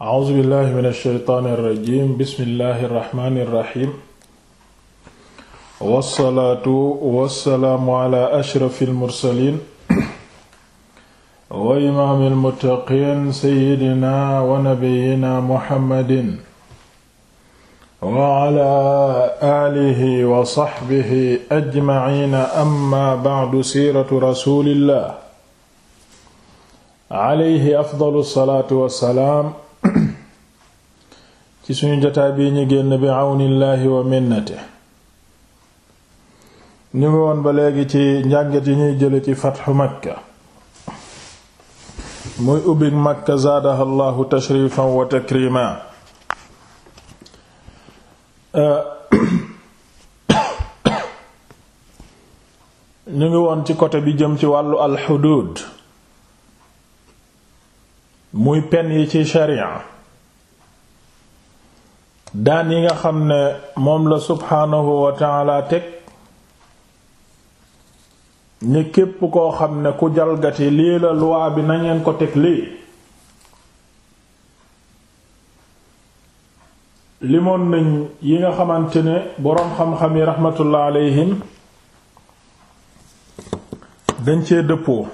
A'uuzu billahi mina shaytaani rajiim bismillahi rahmaani rahiim. wasalaatu wasalaamu ala ashrafil mursaliin. wa imaamil muttaqiin sayyidina wa nabiyyina muhammadin. wa ala aalihi wa saxbihi ajmaciina amma bacdu siiratu rasuulillah. alayhi afdalu salaatu wa salaam. ci suñu jotaay bii ñu génn bi àwnillaahi wa minnate ñu ngi woon ba léegi ci njàngat yi ñuy jële ci fatxu makka muy ubbik makka zaadaha allahu tashrifan wa takrima ñu ngi woon ci côté bi jëm ci wàllu alxuduud muy pen yi ci sharia daan yi nga xam ne moom la subhaanahu wa teg ne képp koo xam ne ku jalgati lii la loi bi nangeen ko teg lii limoon nañ yi nga xamante ne boroom xam-xam yi raxmatullah alayhim dañ cee dëppoo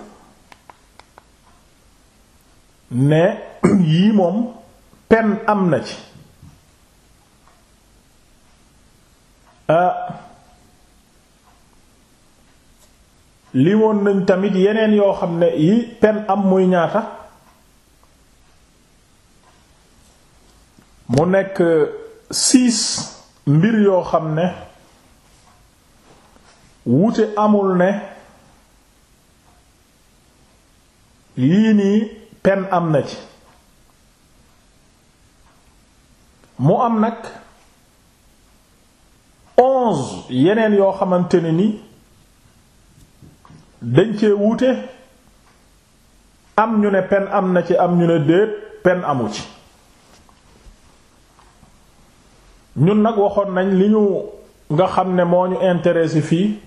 ne yii moom pen am na ci Ah. li nañ tamit yeneen yoo xam ne yi pen am muy ñaata mu nekk six mbir yoo xam ne wuute amul ne lii nii pen am na ci mu am nag yeneen yoo xamante ne ni dañ cee wuute am ñu ne pen am na ci am ñu ne déet pen amu ci ñun nag waxoon nañ li ñu nga xam ne moo ñu intéressé fii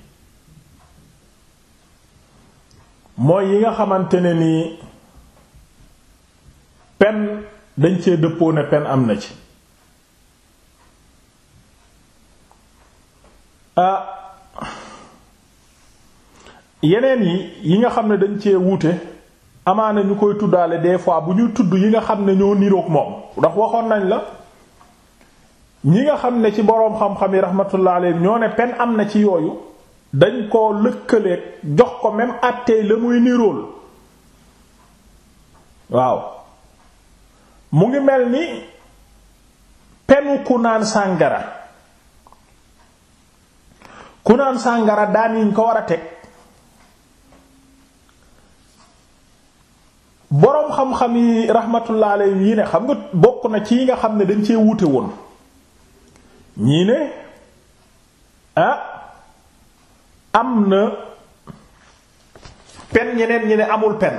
mooy yi nga xamante ne nii pen dañ cee dëppoo ne pen am na ci Ah. yeneen yi yi nga xam ne dañ cee wuute amaana ñu koy tuddaale des fois bu ñuy tudd yi nga xam ne ñoo niroog moom ndax waxoon nañ la ñi nga xam ne ci boroom xam-xam yi rahmatullah alayhi ñoo ne pen am na ci yooyu dañ koo lëkkaleeg jox ko même àttee la muy nirool waaw mu ngi mel ni penu naan sàngara ku naan sàngara daan yiñ ko war a teg boroom xam-xam yi rahmatullah alayhi yi ne xam nga bokk na ci yi nga xam ne dañ cee wuute woon ñii ne ah am na pen ñeneen ñi ne amul pen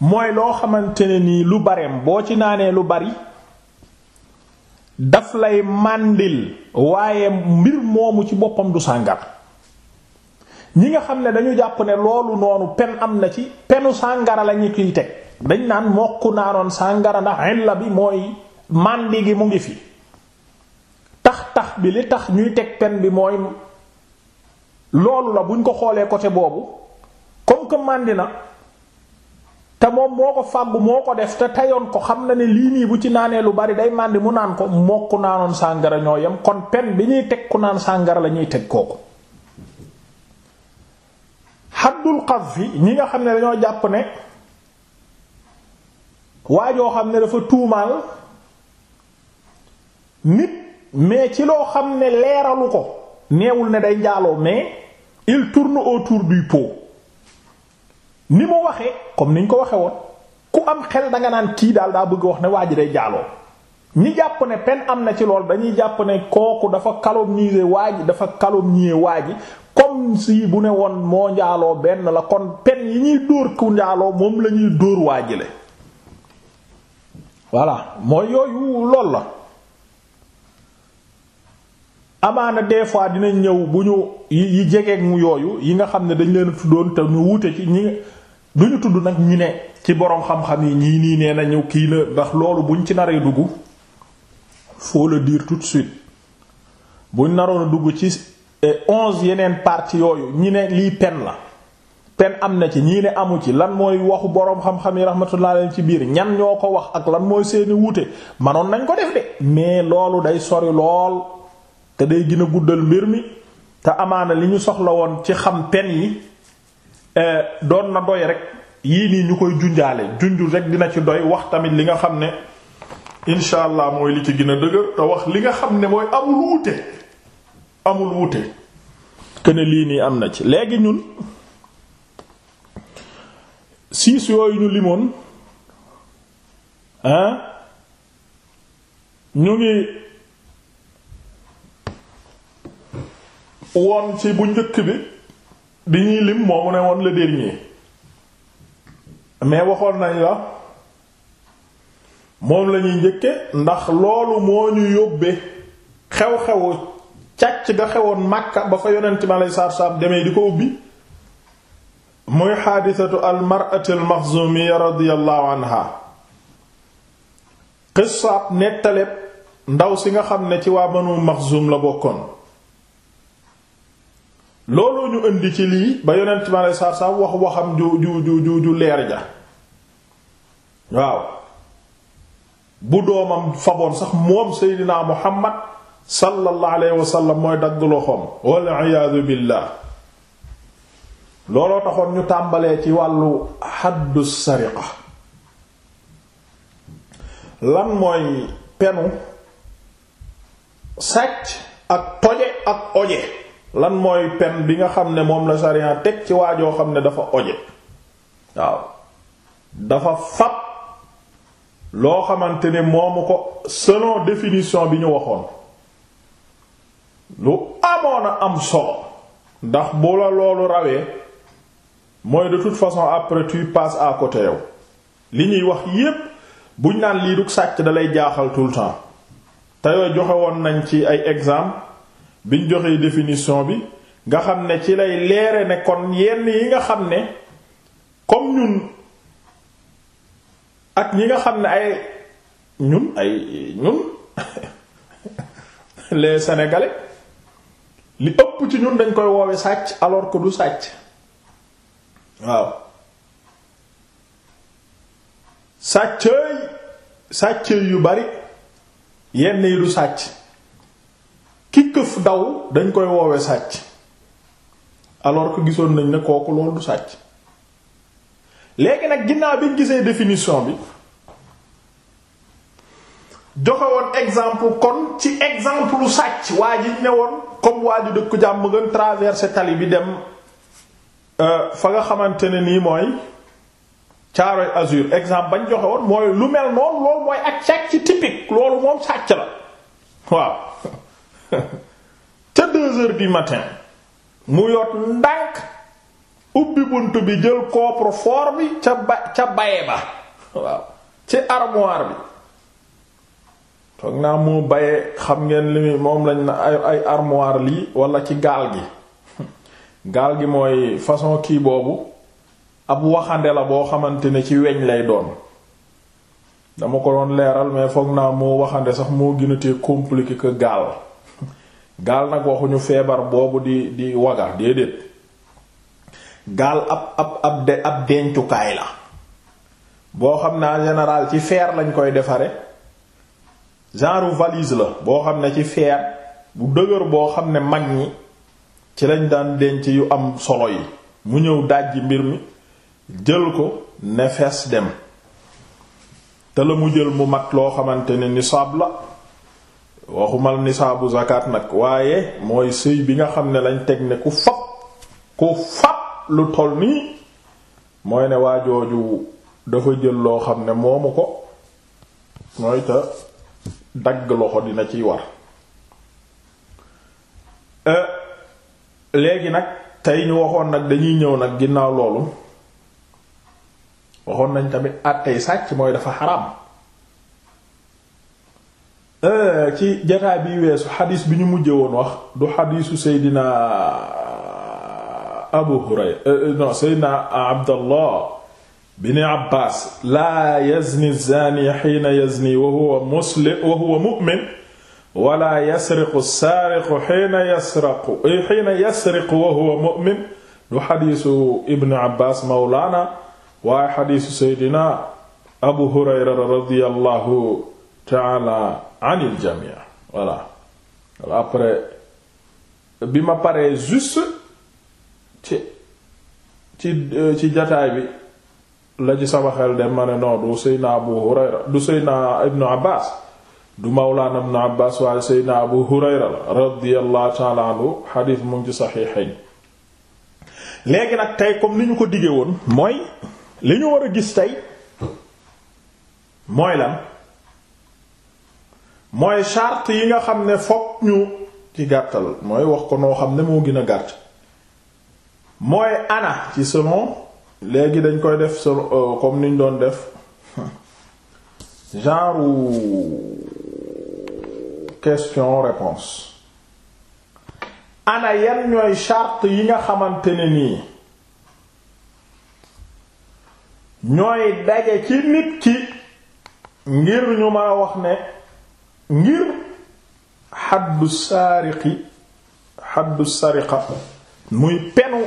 mooy loo xamante ne nii lu bareem boo ci naanee lu bari daf lay màndil waaye mbir moomu ci boppam du sàngara ñi nga xam ne dañu jàpp ne loolu noonu pen am na ci penu sàngara la ñu teg dañ naan mokk naanoon sàngara ndax illa bi mooy màndi gi mu ngi fi tax tax bi li tax ñuy teg pen bi mooy loolu la buñ ko xoolee côté boobu comme que màndi na te moom moo ko fàggu moo ko def te teyoon ko xam na ne lii nii bu ci naanee lu bari day màndi mu naan ko mokk naanoon sàngara ñoo yem kon pen bi ñuy teg ku naan sàngara la ñuy teg kooku xaddul fi ñi nga xam ne dañoo jàpp ne waa joo xam ne dafa tuumaal nit mais ci loo xam ne leeralu ko neewul ne day njaaloo mais il tourne autour du pot ni mu waxee comme niñ ko waxee woon ku am xel danga naan kii daal daa bëgg wax ne waa ji day jaaloo ñi jàpp ne pen am na ci lool dañuy jàpp ne kooku dafa calomnier waa ji dafa calomnier waa ji comme si bu ne woon moo njaaloo benn la kon pen yi ñuy dóor ku njaaloo moom lañuy ñuy dóor waa ji voilà mooy yooyu lool la amaana des fois dinañ ñëw bu ñu yi jegeeg mu yooyu yi nga xam ne dañ leen tuddoon te ñu wute ci ñi duñu tudd nag ñu ne ci boroom xam-xam yi ñii nii nee nañu kii la ndax loolu buñ ci naree dugg faut le dire tout de suite buñ naroon a dugg ci eh, onze yeneen parties yooyu ñi ne lii pen la pen am na ci ñii ne amu ci lan mooy waxu boroom xam-xam yi rahmatullah leen ci biir ñan ñoo ko wax ak lan mooy seeni wuute manoon nañ ko def de mais loolu day sori lool te day gën a guddal mbir mi te amaana li ñu soxla woon ci xam pen yi Eh, doon na doy rek yii nii ñu koy junjaale junjul rek dina ci doy wax tamit li nga xam ne incha allah mooy li ci gën a te wax li nga xam ne mooy amul wuute amul wuute kene lii nii am na ci léegi ñun siis yooyu ñu limoon hein ñu ngi woon ci bu njëkk bi bi ñuy lim moomu ne woon la dernier mais waxoon nañ la moom lañuy ñuy njëkke ndax loolu moo ñu yóbbee xew-xewu càcc ga xewoon Makka ba fa yonent mi aleyhi salaatu salaam demee di ko ubbi muy xaadisatu almarati almaxzumiya radiyallahu anha qissab nettaleb ndaw si nga xam ne ci waa banu maxzum la bokkoon looloo ñu indi ci lii ba yonent ma lay saa saa wax waxam ju ju ju ju leer ja waaw bu doomam faboon sax moom seydinaa muhammad sallallahu alayhi wasallam mooy dagg loxoom wal iyaadu billaah looloo taxoon ñu tàmbalee ci wàllu xaddu sariqa lan mooy penu sàcc ak toje ak oje lan mooy pen bi nga xam ne moom la sariyaan teg ci waajoo xam ne dafa oje waaw dafa fab loo xamante ne moomu ko selon définition bi ñu waxoon lu amoon a am solo ndax bu la loolu rawee mooy de toute façon après tu passes à côté yow li ñuy wax yépp buñ naan lii du sàcc dalay jaaxal tout le temps te yooyu joxe woon nañ ci ay exemple biñ joxee définition bi nga xam ne ci lay leere ne kon yenn yi nga xam ne comme ñun ak ñi nga xam ne ay ñun ay ñun les sénégalais li ëpp ci ñun dañ koy woowe sàcc alors que du sàcc waaw sàcceey sàcceey yu bari yenn yi du sàcc ki këf daw dañ koy woowe sàcc alors que gisoon nañ ne kooku loolu du sàcc léegi nag ginnaaw bi ñu gisee définition bi joxe woon exemple kon ci exemple lu sàcc waa ji ne woon comme waa ji dëkk jàmm gën traversé tali bi dem euh, fa nga xamante ne nii mooy caaroy azur exemple bañ joxe woon mooy lu mel noonu loolu mooy ak sàcc typique loolu moom sàcc la waaw ca deux heures du matin mu yot ndànk ubbi bunt bi jël coffre-fort bi ca ba ca baye ba waaw ci armoire bi toog naa moo baye xam ngeen li muy moom lañ na ay ay lii wala ci gaal gi gaal gi mooy façon kii boobu ab waxande la boo xamante ne ci weñ lay doon dama ko doon leeral mais foog naa moo waxande sax moo gën a tee compliqué que gaal gaal nag waxuñu feebar boobu di di waga déedéet gaal ab ab ab de ab dencukaay la boo xam ne en ci fer lañ koy defare genre valise la boo xam ne ci feer bu dëgër boo xam ne mag ñi ci lañ daan denc yu am solo yi mu ñëw dajji mbir mi jël ko ne fees dem te la mu jël mu mag loo xamante ne nisaab la waxumal nisaabu zakat nag waaye mooy sëy bi nga xam ne lañ teg ne ku fab ku fab lu toll nii mooy ne waa jooju dafa jël loo xam ne moomu ko mooy te dagg loxo dina ciy war euh, léegi nag tey ñu waxoon nag dañuy ñëw nag ginnaaw loolu waxoon nañ tamit àttey sàcc mooy dafa xaram Euh, ci jataay bi weesu xadiis bi ñu mujje woon wax du xadiisu seydina abu hurayra euh, euh, non seydina abdallah bin abbaas laa yazni zaani xiina yazni wa huwa muslim wa huwa mu'min wala yasriqu saariqu xiina yasriqu xiina eh, yasriqu wa huwa mu'min du xadiisu ibn abbaas mawlaana waaye xadiisu seydina abu hurayra radiyallahu ta'ala anil jamii voilà voilà après bi ma paree juste ci ci euh, ci jataay bi la sama xel dem ma ne non du Seydina Abu Hurayra du Seydina Ibnu Abbas du Mawlaana Ibnu Abbas waaye Seydina Abu Hurayra la radiyallahu ta'ala anhu xadiis mu ngi ci saxiixayn léegi nag tey comme ni ñu ko diggee woon mooy li ñu war a gis tey mooy lan mooy charte yi nga xam ne fokk ñu ci gàttal mooy wax ko noo xam ne moo gën a gàtt mooy ana ci selon léegi dañ koy def selon euh, comme niñ doon def genre question réponse ana yan ñooy charte yi nga xamante ne nii ñooy daje ci nit ci ngir ñu ma wax ne ngir xaddu saariqi xaddu sariqa muy penu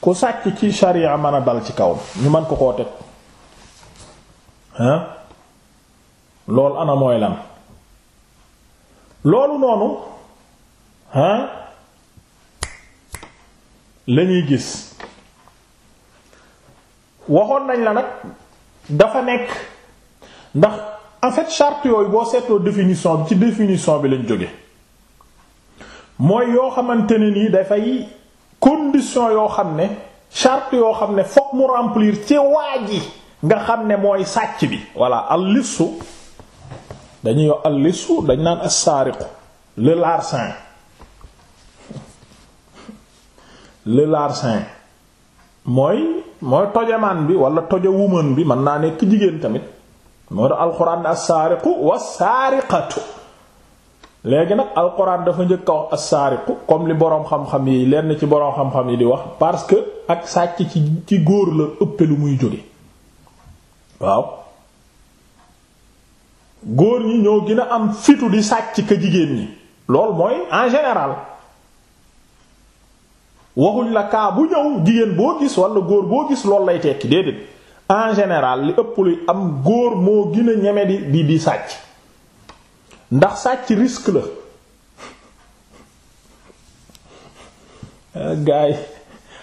ku sàcc ci sharia mën a dal ci kaw ñu mën ko koo teg lool ana mooy lan loolu noonu hein lañuy gis waxoon nañ la nag dafa nekk ndax en fait charte yooyu boo seetloo définition bi ci définition bi lañ jóge mooy yoo xamante ne nii dafay condition yoo xam ne charte yoo xam ne fokk mu remplir ci waa yi nga xam ne mooy sàcc bi voilà al lissu dañuy yow al lissu dañ naan as-sariqu le larcin le larcin mooy mooy tojamaan bi wala tojawuman bi mën naa nekk jigéen tamit moo tax alxuraan ne assaariqu wassaariqatu léegi nag alxuraan dafa njëkk a wax comme li boroom xam-xam yi lenn ci boroom xam-xam yi di wax parce que ak sàcc ci ci góor la ëpp lu muy jóge waaw góor ñi ñoo gina a am fitu di sàcc ka jigéen ñi lool mooy en général waxuñ la kaa bu ñëw jigéen boo gis walla góor boo gis lool lay tekki déedéet en général li ëpp lu am góor moo gën a ñeme di di di sàcc ndax sàcc risque la gaay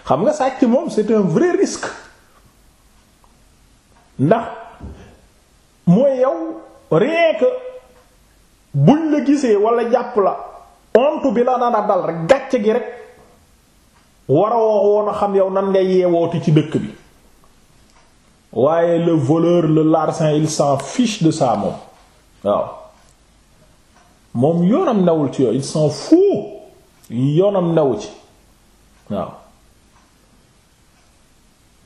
xam nga sàcc moom c'est un vrai risque ndax mooy yow rien buñ la gisee walla jàpp la honte bi la dana dal rek gàcc gi rek war a woon a xam yow nan nga yeewooti ci dëkk bi waaye le voleur le larcin il s'en fiche de ça moom waaw moom yoonam newul ci yooyu il s'en fout yoonam newu ci waaw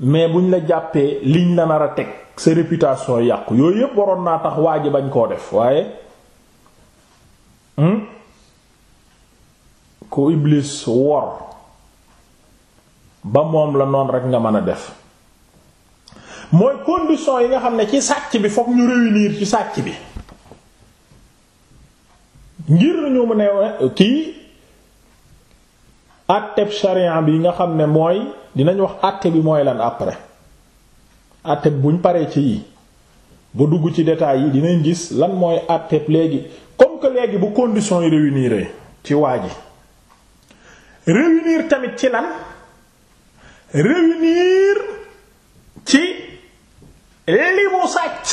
mais buñ la jàppee liñ la nar a teg sa réputation yàqu yooyu yépp waroon naa tax waa ji bañ koo def waaye hmm? ku iblis wor ba moom la noon rek nga mën a def mooy condition yi nga xam ne ci sàcc bi fokk ñu réunir ci sàcc bi ngir ñu mu ne kii àtteb sharia bi nga xam ne mooy dinañ wax àtte bi mooy lan après àtte buñ paree ci yi ba dugg ci détails yi dinañ gis lan mooy àtte léegi comme que léegi bu conditions yi réunir ci waa ji réunir tamit ci lan réunir ci li mu sàcc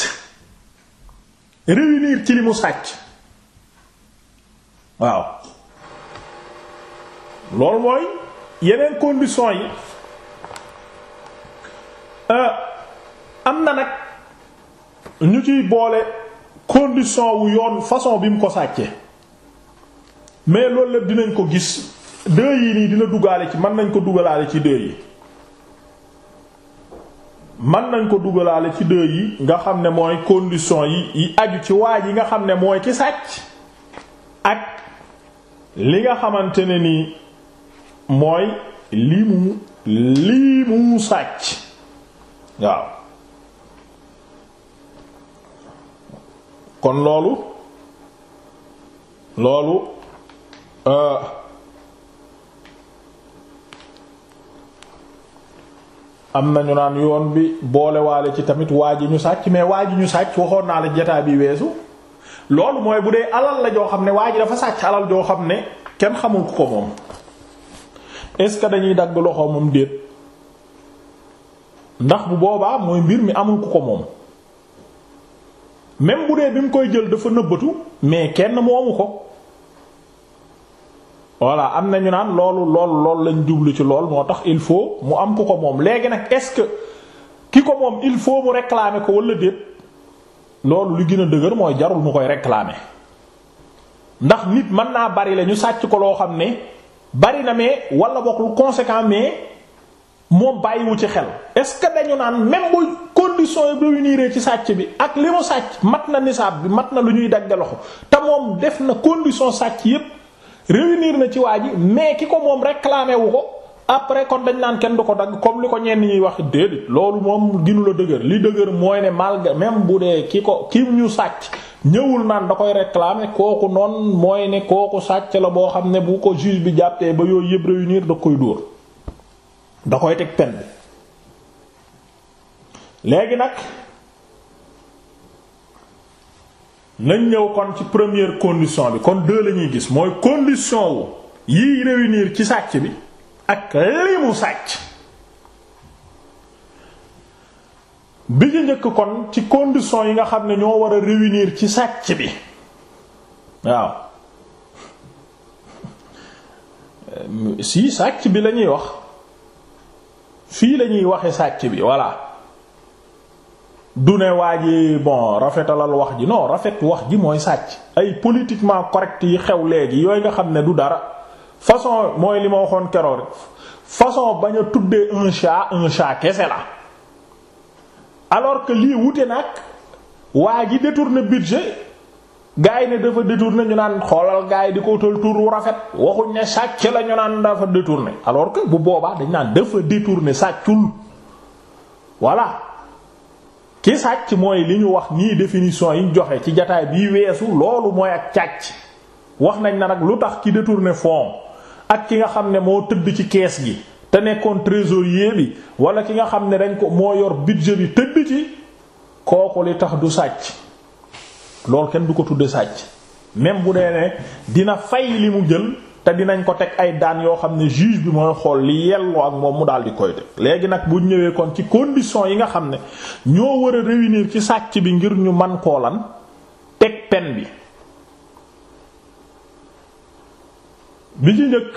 réunir ci li mu sàcc waaw loolu mooy yeneen condition yi euh, am na nag ñu ciy boole condition wu yoon façon bi mu ko sàccee mais loolu la dinañ ko gis deux yi nii dina duggaale ci mën nañ ko dugalaale ci deux yi mën nañ ko dugalaale ci deux yi nga xam ne mooy condition yi yi aju ci waaj yi nga xam ne mooy ki sàcc ak li nga xamante ne ni mooy lii mu lii mu sàcc waaw kon loolu loolu euh, am ñu naan yoon bi boolewaale ci tamit waa ji ñu sàcc mais waa ji ñu sàcc waxoon naa la jotaay bi weesu loolu mooy bu dee alal la joo xam ne waa ji dafa sàcc alal joo xam ne kenn xamul ku ko moom est-ce que dañuy dagg loxo moom déet ndax bu boobaa mooy mbir mi amul ku ko moom même bu dee bi mu koy jël dafa nëbbatu mais kenn moomu ko voilà am na ñu naan loolu loolu loolu lañ jublu ci lool moo tax il faut mu am ku ko moom léegi nag est-ce que ki ko moom il faut mu réclamer ko wala déet loolu li gën a dëgër mooy jarul mu koy réclamer ndax nit mën naa bari la ñu sàcc ko loo xam ne bari na mais wala bokk lu conséquent mais moom bàyyiwu ci xel est-ce que dañu naan même bu condition yi réunir ci sàcc bi ak li mu sàcc mat na nisaab bi mat na lu ñuy dagg loxo te moom def na condition sàcc yépp réunir na ci waa ji mais ki ko moom réclamé wu ko après kon dañ naan kenn du ko dagg comme li ko ñenn ñi wax déedéet loolu moom ginu la dëgër li dëgër mooy ne malgré même bu dee ki ko ki ñu sàcc ñëwul naan da koy réclamer kooku noon mooy ne kooku sàcc la boo xam ne bu ko juge bi jàppee ba yooyu yëpp réunir da koy dóor da koy teg pen bi léegi nag. nañ ñëw kon ci première condition bi kon deux la ñuy gis mooy condition wu yii réunir ci sàcc bi ak li mu sàcc bi ci kon ci condition yi nga xam ne ñoo war a réunir ci sàcc bi waaw euh, si sàcc bi lañuy wax fii lañuy waxe sàcc bi voilà du ne waa ji bon rafetalal wax ji non rafet wax ji mooy sàcc ay politiquement correct yi xew léegi yooyu nga xam ne du dara façon mooy li ma waxoon keroog rek façon bañ a tuddee un chat un chat kese la alors que lii wute nag waa ji détourne budget gars yi ne dafa détourné ñu naan xoolal gars yi di ko utal tur wu rafet waxuñ ne sàcc la ñu naan dafa détourné alors que bu boobaa dañ naan dafa détourné sàccul voilà. ci sàcc mooy li ñu wax nii définition yi joxe ci jataay bii weesu loolu mooy ak càcc wax nañ na nag lu tax ci détourné fonds ak ki nga xam ne moo tëdd ci kees gi te nekkoon trésorier bi wala ki nga xam ne dañ ko moo yor budget bi tëdd ci kooku li tax du sàcc loolu kenn du ko tudde sàcc même bu dee ne dina fay li mu jël te dinañ ko teg ay daan yoo xam ne juge bi mooy xool li yelloo ak moom mu daal di koy teg léegi nag bu ñëwee kon ci condition yi nga xam ne ñoo war a réunir ci sàcc bi ngir ñu man koo lan teg pen bi bi ci njëkk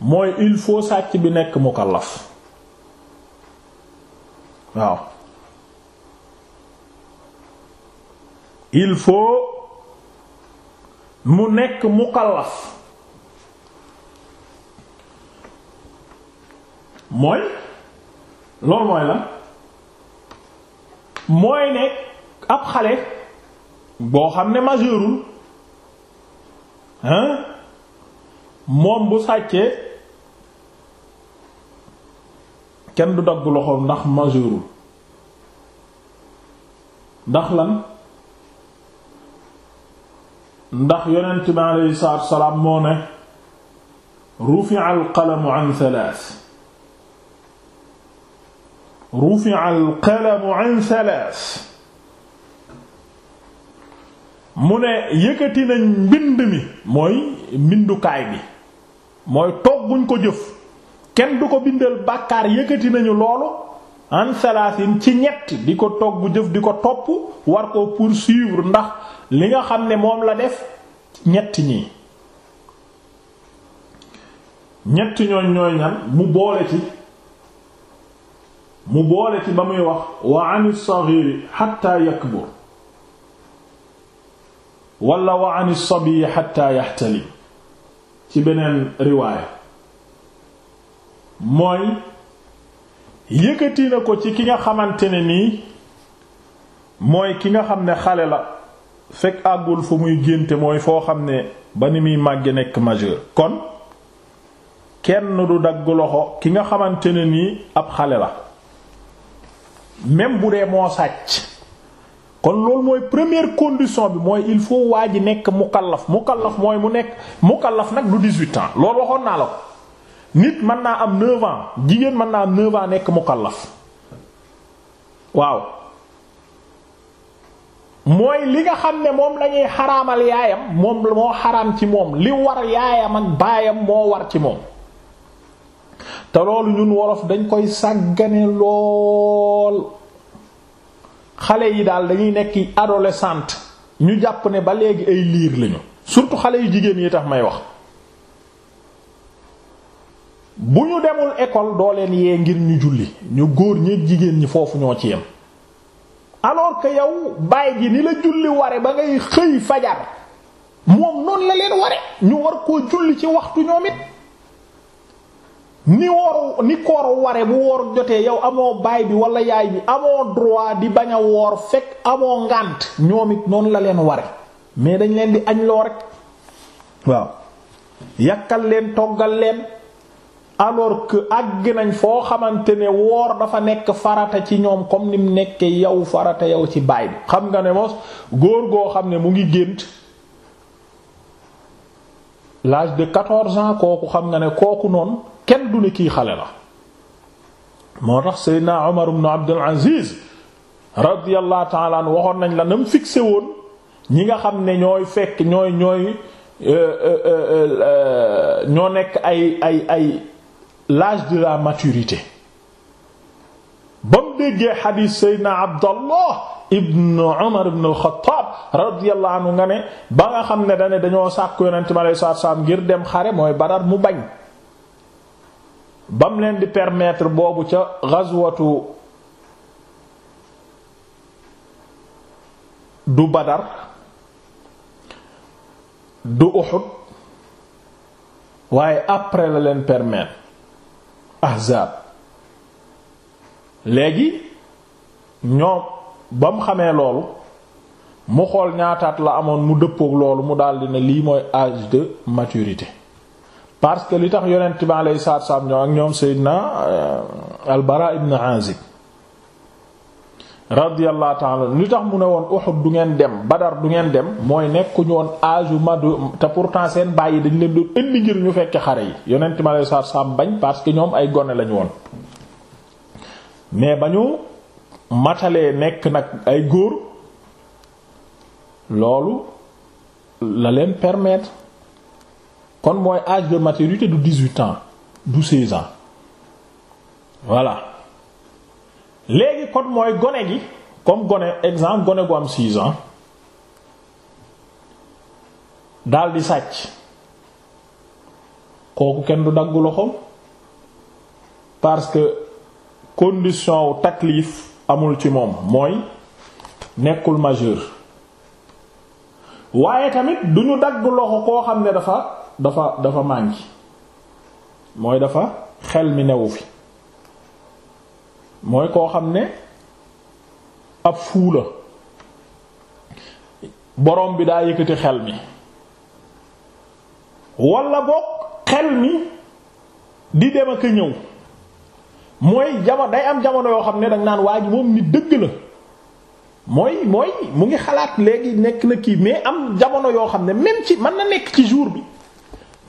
mooy il faut sàcc bi nekk mukallaf waaw il faut mu nekk mukallaf mooy loolu mooy la mooy ne ab xale boo xam ne majeurul hein moom bu sàccee kenn du dagg loxoom ndax majeurul ndax lan ndax yonent bi aleyhi salaatu wasalaam moo ne rufi'a al-qalamu an thalath rufi'a al-qalamu an thalath mu ne yëkkati nañ mbind mi mooy mbindukaay bi mooy toog buñ ko jëf kenn du ko bindal bàkkaar yëkkati nañu loolu an salasin ci ñett di ko togg jëf di ko topp war koo poursuivre ndax li nga xam ne moom la def ñett ñi ñett ñooñ ñooy ñan mu boole ci mu boole ci ba muy wax wa ani saghiri hatta yakbur wala wa ani sabiyi hatta yahtalim ci beneen riwaaya mooy yëkkati na ko ci ki nga xamante ne nii mooy ki nga xam ne xale la fekk àggul fu muy génte mooy foo xam ne ba ni muy màgge nekk majeur kon kenn du dagg loxo ki nga xamante ne nii ab xale la même bu dee moo sàcc kon loolu mooy première condition bi mooy il faut waa ji nekk mukallaf mukallaf mooy mu nekk mukallaf nag du 18 ans loolu waxoon naa la ko nit mën naa am 9 ans jigéen mën naa am 9 ans nekk mukallaf waaw mooy li nga xam ne moom lañuy xaramal yaayam moom moo xaram ci moom li war yaayam baayam moo war ci moom te loolu ñun wolof dañ koy sàggane lool xale yi daal dañuy nekk adolescente ñu jàpp ne ba léegi ay liir lañu surtout xale yu jigéen yi tax may wax bu ñu demul école doo leen yee ngir ñu julli ñu góor ñeeg jigéen ñi foofu ñoo ci yem alors que yow baay ji ni la julli ware ba ngay xëy fajar moom noonu la leen ware ñu war koo julli ci waxtu ñoom it ni woor ni koor ware bu woor jotee yow amoo baay bi wala yaay bi amoo droit di bañ a woor fekk amoo ngànt ñoom it noonu la leen ware mais dañ leen di añ loo rek waaw yakkal leen toggal leen alors que àgg nañ foo xamante ne woor dafa nekk farata ci ñoom comme ni mu nekke yow farata yow ci baay bi xam nga ne mos góor goo xam ne mu ngi gént l'âge de quatorze ans kooku xam nga ne kooku noonu kenn du ne kii xale la moo tax Seydina Omar ibn Abdul Aziz radiyallahu ta'ala anhu waxoon nañ la nam fixé woon ñi nga xam ne ñooy fekk ñooy ñooy euh, euh, euh, ñoo nekk ay ay ay l'âge de la maturité ba mu déggee xadiis seydna abdallah ibn umar ibn alxataab radiyallahu anhu nga ne ba nga xam ne dane dañoo sàkku ngir dem xare mooy badar mu bañ ba mu leen di permettre boobu ca gazwatu du badar du uhud waaye après la leen permettre ahzaab léegi ñoom ba mu xamee loolu mu xool ñaataat la amoon mu dëppook loolu mu daldi ne lii mooy âge de maturité parce que li tax yonent bi alayhi salaatu salaam ñoo ak ñoom Seydina euh, al-Bara ibn Azib radiyallahu ta'ala li tax mu ne woon Uhud du ngeen dem Badar du ngeen dem mooy nekkuñu woon âge yu madu te pour pourtant seen bàyyi dañu leen du indi ngir ñu fekke xare yi yonent ma lay sar sam bañ parce que ñoom ay gone lañu woon mais ba ñu matalee nekk nag ay góor loolu la leen permettre kon mooy âge de du 18 ans du 16 ans voilà léegi kon mooy gone gi comme gone exemple gone gu am 6 ans daal di sàcc kooku kenn du dagg loxoom parce que condition wu taklif amul ci moom mooy nekkul majeur waaye tamit du ñu dagg loxo koo xam ne dafa dafa dafa mànki mooy dafa xel mi newu fi mooy koo xam ne ab fuu borom bi daa yëkkati xel mi wala boog xel mi di dem ak ñëw mooy jamono day am jamono yoo xam ne danga naan waa ji moom ni dëgg la mooy mooy mu ngi xalaat léegi nekk na kii mais am jamono yoo xam ne même ci mën na nekk ci jour bi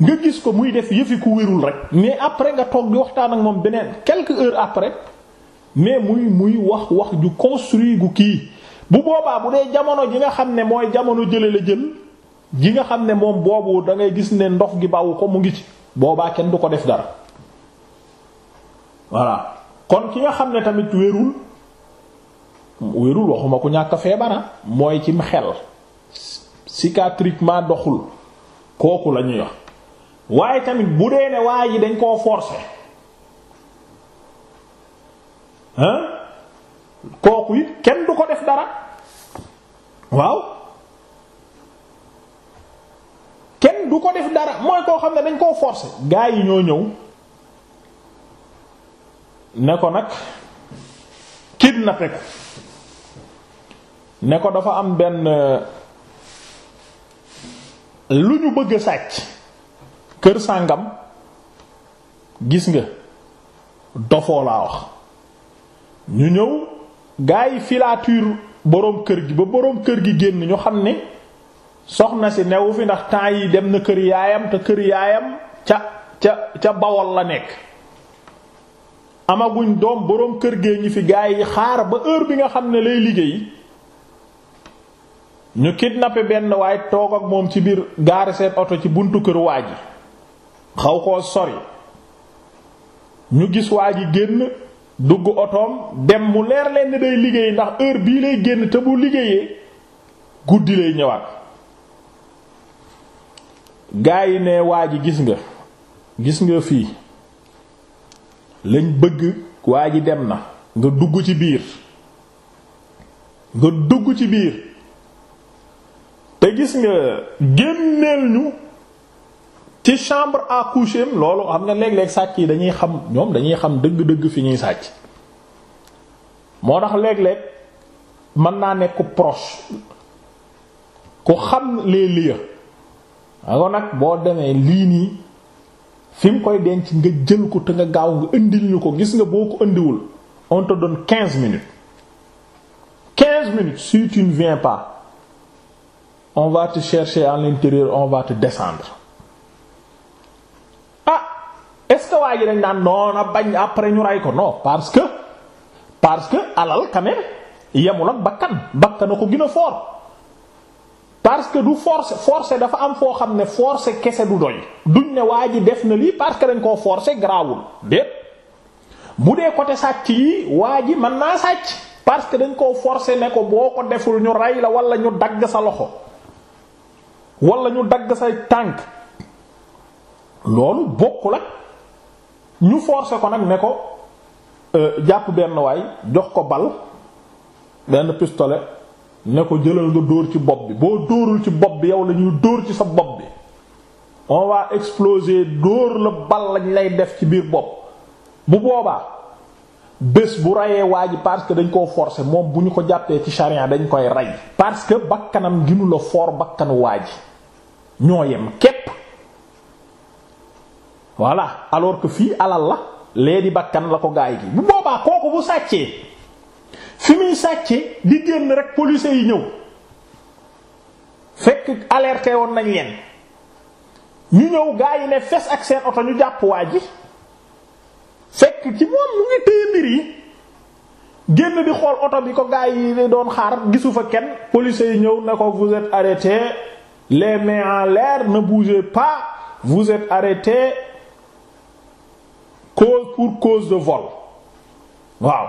nga gis ko muy def yëfi ku wérul rek mais après nga toog di waxtaan ak moom beneen quelques heures après mais muy muy wax wax ju construit gu kii bu boobaa bu dee jamono ji nga xam ne mooy jamono jële la jël ji nga xam ne moom boobu da ngay gis ne ndox gi baw ko mu ngi ci boobaa kenn du ko def dara voilà kon ki nga xam ne tamit wérul wérul waxuma ku ñàkk feebara ah, mooy ci xel psychiatriquement doxul kooku la ñuy wax waaye tamit bu dee ne waa ji dañ koo forcer kooku it kenn du ko def dara waaw kenn du ko def dara mooy koo xam ne dañ koo forcer gaa yi ñoo ñëw ne ko nag kidnappé ko ne ko dafa am benn euh, lu ñu bëgg sàcc kër sàngam gis nga dofoo laa wax ñu ñëw gaa yi filature boroom kër gi ba boroom kër gi génn ñu xam ne soxna si newu fi ndax temps yi dem na kër yaayam te kër yaayam ca ca ca Bawol la nekk amaguñ doom boroom kër gee ñu fi gaa yi xaar ba heure bi nga xam ne lay liggéey ñu kidnappé benn waaye toog ak moom ci biir gaari seen oto ci buntu kër waa ji xaw koo sori ñu gis waa ji génn dugg otoom dem mu leer leen ni day liggéey ndax heure bii lay génn te bu liggéeyee guddi lay ñëwaat gaa yi ne waa ji gis nga gis nga fii lañ bëgg waa ji dem na nga dugg ci biir nga dugg ci biir te gis nga génneel ñu ci chambre à coucher loolu xam nga léeg-léeg sàcc yi dañuy xam ñoom dañuy xam dëgg-dëgg fi ñuy sàcc moo tax léeg-léeg mën naa nekk proche ku xam les lieux nga nag boo demee lii nii fi mu koy denc nga jël ko te nga gaaw nga indil ñu ko gis nga boo ko indiwul on te donne quinze minutes quinze minutes si tu pas on va te chercher à l'intérieur on va te descendre waa ji dañ daan noona bañ après ñu ray ko non parce que parce que alal quand même yemul ak bakkan bakkan na ko gën a fort parce que du forse forcer dafa am foo xam ne forcer kese du doy duñ ne waa ji def na lii parce que dañ koo forcer garaawul déet bu dee côté sàcc yi waa ji mën naa sàcc parce que dañ koo forcer ne ko boo ko deful ñu rey la wala ñu dagg sa loxo wala ñu dagg sa tànk loolu bokkul ak ñu forcer ko nag ne ko euh, jàpp benn waay jox ko bal benn pistolet ne ko jëlal nga dóor ci bopp bi boo dóorul ci bopp bi yow lañuy ñuy dóor ci sa bopp bi on waa exploser dóor la bal lañ lay def ci biir bopp bu boobaa bés bu rayee waa ji parce que dañ koo forcer moom bu ñu ko jàppee ci charia dañ koy rey parce que bakkanam ginu la for bakkanu waa ji ñoo yem képp voilà alors que fii alal la lee di bakkan la ko gaay gi bu boobaa kooku bu sàccee fi muy sàccee di génn rek police yi ñëw fekk alerté woon nañ leen ñu ñëw gaay yi ne fes ak seen oto ñu jàpp waa ji fekk ci moom mu ngi téye mbir yi génn bi xool oto bi ko gaay yi doon xaar gisu fa kenn police yi ñëw ne ko vous êtes arrêté les mains en l'air ne bougez pas vous êtes arrêté cause pour cause de vol waaw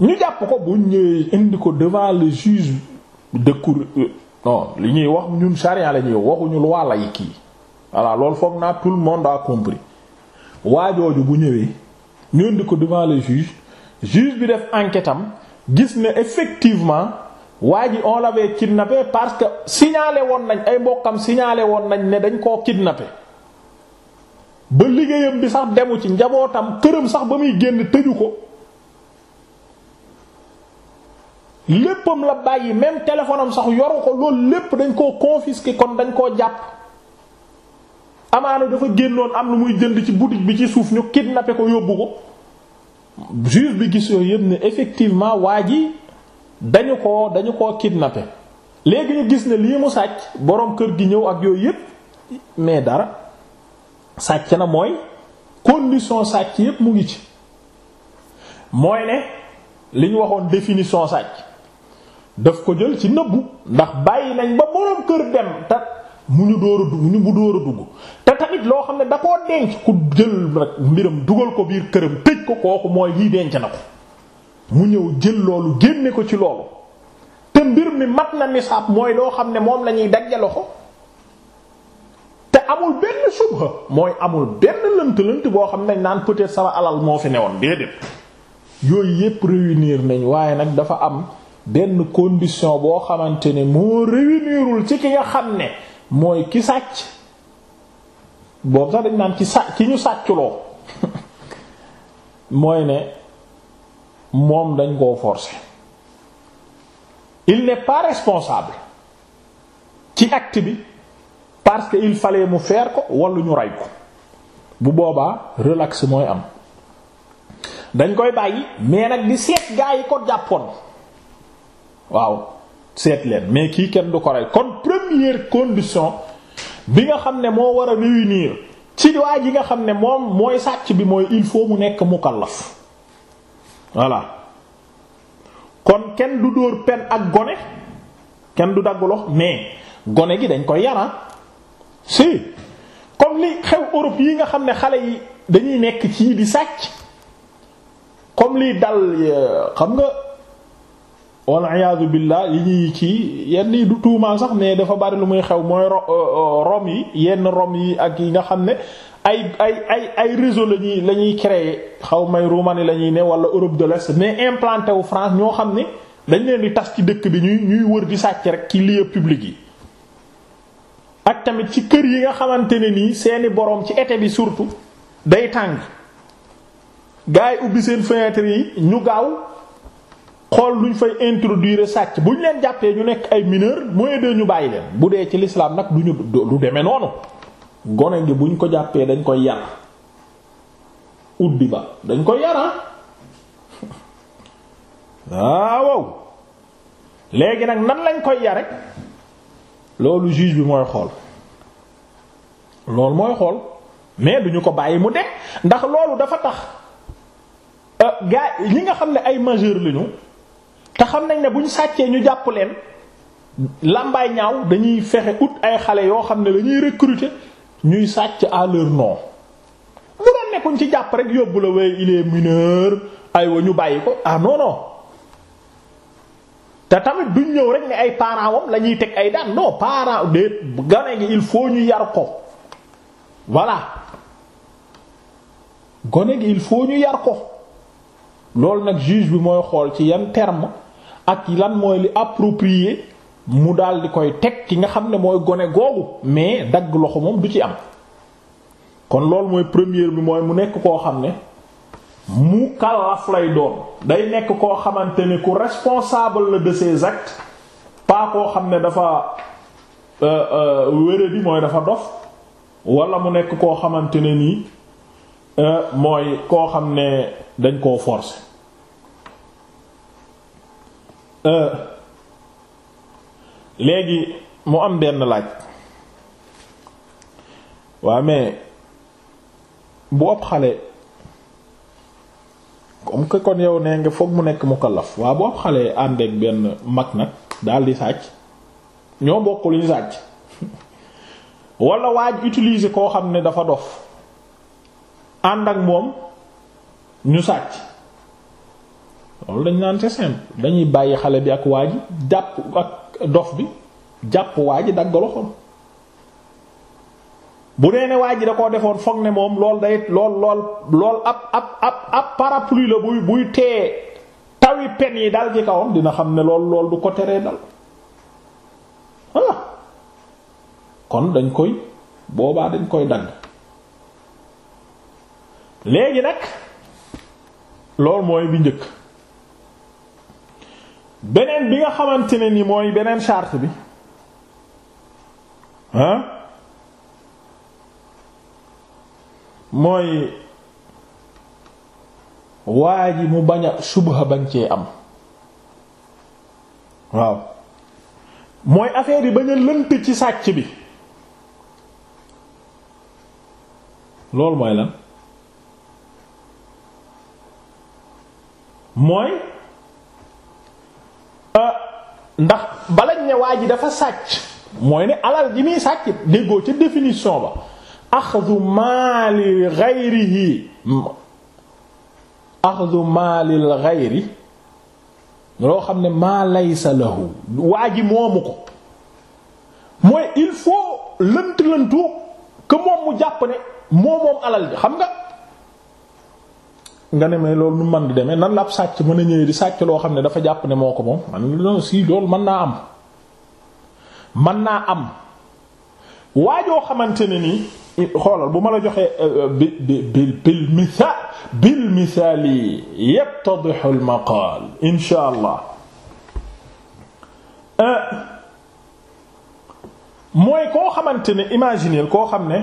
ñu jàpp ko bu ñëwee indi ko devant le juge de cour euh, li ñuy wax ñun charia la ñuy waxuñu lu yi kii voilà loolu foog naa tout le monde a compris jooju bu ñëwee ñu indi ko devant le juge juge bi def enquête am gis ne effectivement waa ji on l'avait kidnappé parce que signalé woon nañ ay mbokkam signalé woon nañ ne dañ koo kidnappé ba liggéeyam bi sax demu ci njabootam këram sax ba muy génn tëju ko léppam la bàyyi même téléphone am sax yoru ko loolu lépp dañ koo confisqué kon dañ koo jàpp amaana dafa génnoon am lu muy jënd ci boutique bi ci suuf ñu kidnappé ko yóbbu ko juge bi gis yooyu yëpp ne effectivement waa ji dañu ko dañu koo kidnappé léegi ñu gis ne lii mu sàcc boroom kër gi ñëw ak yooyu yëpp mais dara sàcc na mooy condition sàcc yépp mu ngi ci mooy ne li ñu waxoon définition sàcc daf ko jël ci nëbbu ndax bàyyi nañ ba boroom kër dem te mu ñu door a dugg mu door a dugg te taxit loo xam ne da koo denc ku jël rek mbiram dugal ko biir këram tëj ko kooku mooy lii denc na ko mu ñëw jël loolu génne ko ci loolu te mbir mi mat na nisaab mooy loo xam ne moom lañuy dajjalo ko te amul benn subha mooy amul benn lënt-lënt boo xam nañ naan peut-être sama alal moo fi ne newoon déedéet yooyu yépp réunir nañ waaye nag dafa am benn condition boo xamante ne moo réunirul ci ki nga xam ne mooy ki sàcc boobu sax dañ naan ci sàcc ci ñu sàcculoo mooy ne moom dañ koo forcer il n'est pas responsable ci act bi parce que il fallait mu faire ko wallu ñu rey ko bu boobaa relax mooy am dañ koy bàyyi mais nag di seet gaa yi ko jàppoon waaw seet leen mais kii kenn du ko rey kon première condition bi nga xam ne moo war a réunir ci waa ji nga xam ne moom mooy sàcc bi mooy il faut mu nekk mukallaf voilà kon kenn du dóor pen ak gone kenn du dagg lox mais gone gi dañ koy yara ah. si comme li xew Europe yi nga xam ne xale yi dañuy nekk ci di sàcc comme lii dal xam nga walla iyaatu billaah yi ñuy ci yenn yi du tuumaal sax mais dafa bari lu muy xew mooy euh, euh, rom yi yenn rom yi ak yi nga xam ne ay ay ay ay réseau la ñuy la ñuy créer xaw may Roumanie la ñuy ne wala Europe de l'Est mais implanté wu France ñoo xam ne dañ leen di tas ci dëkk bi ñuy ñuy wër di sàcc rek ci lieu public yi ak tamit ci kër yi nga xamante ne nii seeni boroom ci été bi surtout day tàng gars yi ubbi seen fenêtre yi ñu gaaw xool luñ fay introduire sàcc buñ leen jàppee ñu nekk ay mineur mooy de ñu bàyyi leen bu dee ci lislaam nag du ñu du demee noonu gone gi buñ ko jàppee dañ koy yar uddi ba dañ koy yara ah. ah, waaw léegi nag nan lañ koy yare loolu juge bi mooy xool loolu mooy xool mais duñu ko bàyyi mu dem ndax loolu dafa tax euh, gaa ñi nga xam ne ay majeur ñu te xam nañ ne buñ sàccee ñu jàpp leen làmbaay ñaaw dañuy fexe ut ay xale yoo xam ne dañuy recruter ñuy sàcc à leur nom bu doon nekkuñ ci jàpp rek yóbbu la waaye il est mineur aywa ñu bàyyi ko ah non te tamit duñ ñëw rek ne ay parents wam la ñuy teg ay daan non parents de gone gi il faut ñu yar ko voilà gone gi il faut ñu loolu nag juge bi mooy xool ci yan terme ak lan mooy li approprié mu daal di koy teg ki nga xam ne mooy gone googu mais dagg loxo moom du ci am kon loolu mooy première bi mooy mu nekk koo xam ne mu kallaf lay doon day nekk koo xamante ni ku responsable la de ses actes pas koo xam ne dafa euh, euh, wére mooy dafa dof wala mu nekk koo xamante ne nii euh, mooy koo xam ne dañ koo forcer léegi mu am benn laaj waa mais bu xale comme que kon yow nee ngi foog mu nekk mu mukallaf waaw boo xalee ànd ak benn mag nag daal di sàcc ñoo bokk lu ñu sàcc wala waaj utiliser koo xam ne dafa dof ànd ak moom ñu sàcc loolu dañ naan c'est simple dañuy bàyyi xale bi ak waaj jàpp ak dof bi jàpp waaj dagg loxoom bu dee ne waa ji da koo defoon foog ne moom lool day lool lool lool ab ab ab ab la buy buy tee tawi pen yi dal ci kawam dina xam ne lool lool du ko teree dal kon dañ koy boobaa dañ koy dagg léegi nag lool mooy bi njëkk beneen bi nga xamante ne ni mooy beneen chart bi mooy waa ji mu bañ a subha bañ cee am waaw mooy affaire yi bañ a lënt ci sàcc bi loolu mooy lan mooy euh, ndax balañ ne waa ji dafa sàcc mooy ne alal ji muy sàcc déggoo ca définition ba axdu maali gayrihi axdu maalil gayri loo xam ne maa laysa lahu waa ji moomu ko mooy il faut lënt lëntu que moom mu jàpp ne moo moom alal ji xam nga nga ne may loolu nu man di demee nan la ab sàcc mën a ñëwee sàcc loo xam ne dafa jàpp ne moo ko moom man non si loolu mën naa am mën naa am waajoo xamante ne nii xoolal bu ma la joxee euh, euh, bi bi bil misaal bil misaali yattadihu al maqaal insha allah euh, mooy koo xamante ni imaginer koo xam ne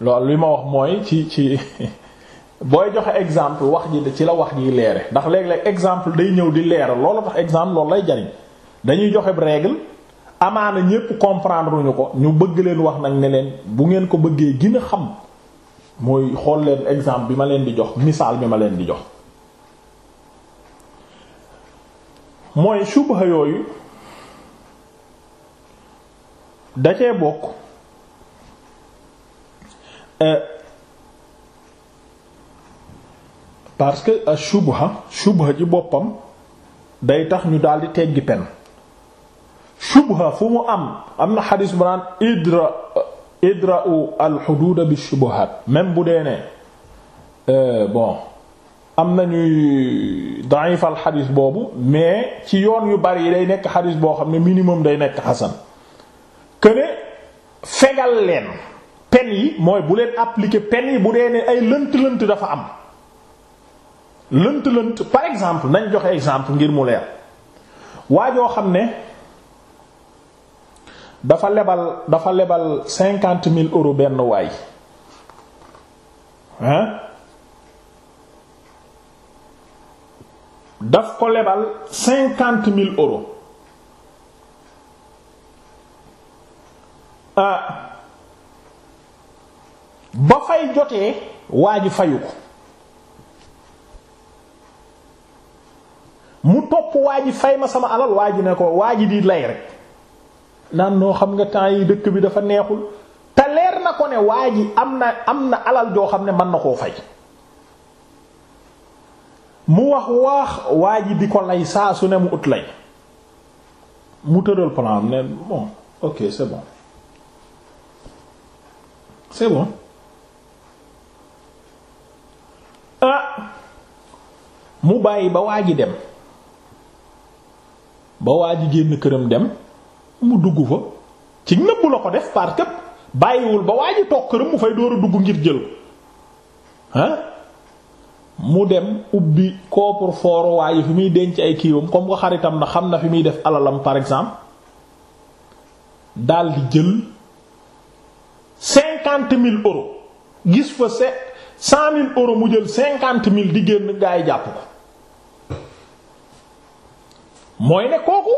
loolu li ma wax mooy ci ci booy joxe exemple wax ji ci la wax ji leere ndax léeg-léeg exemple day ñëw di leer loolu tax exemple loolu lay jariñ dañuy joxe règle amaana ñépp comprendre ñu ko ñu bëgg leen wax nag ne leen bu ngeen ko bëggee gën xam mooy xool leen exemple bi ma leen di jox misaal bi ma leen di jox mooy subha yooyu da bokk euh, parce que a subha subha ji boppam day tax ñu daldi teggi pen shubha fu mu am am na xadis bu naan idra idra'u alxududa bi shubuhat même bu dee ne euh, bon am na ñuy nañuy da'ifal xadis boobu mais ci yoon yu bari yi day nekk xadis boo xam ne minimum day nekk xasan këne fegal leen pen yi mooy bu leen appliquer pen yi bu dee ne ay lënt-lënt dafa am lënt-lënt par exemple nañ joxe exemple ngir mu leer waa joo xam ne dafa lebal dafa lebal cinquante mille euros benn waay hein daf ko lebal cinquante mille euros ah ba fay jotee waa ji fayu ko mu topp waa ji fay ma sama alal waa ji ne ko waa ji di lay rek naan noo xam nga temps yi dëkk bi dafa neexul te leer na ko ne waa ji am na am na alal joo xam ne mën na koo fay mu wax waax waa ji di ko lay saa su ne mu ut lay mu tëral plan ne bon ok c'est bon c'est bon ah mu bàyyi ba waa ji dem ba waa ji génn këram dem mu dugg fa ci nëbb la ko def parce que bàyyiwul ba waa ji toog këram mu fay door dugg ngir jël ah mu dem ubbi coffre-fort waa muy denc ay kiiwam comme xam na fi muy def alalam par exemple daldi jël cinquante mille euros gis fa set cent mille euros mu jël cinquante mille di génn gaa jàpp ko mooy ne kooku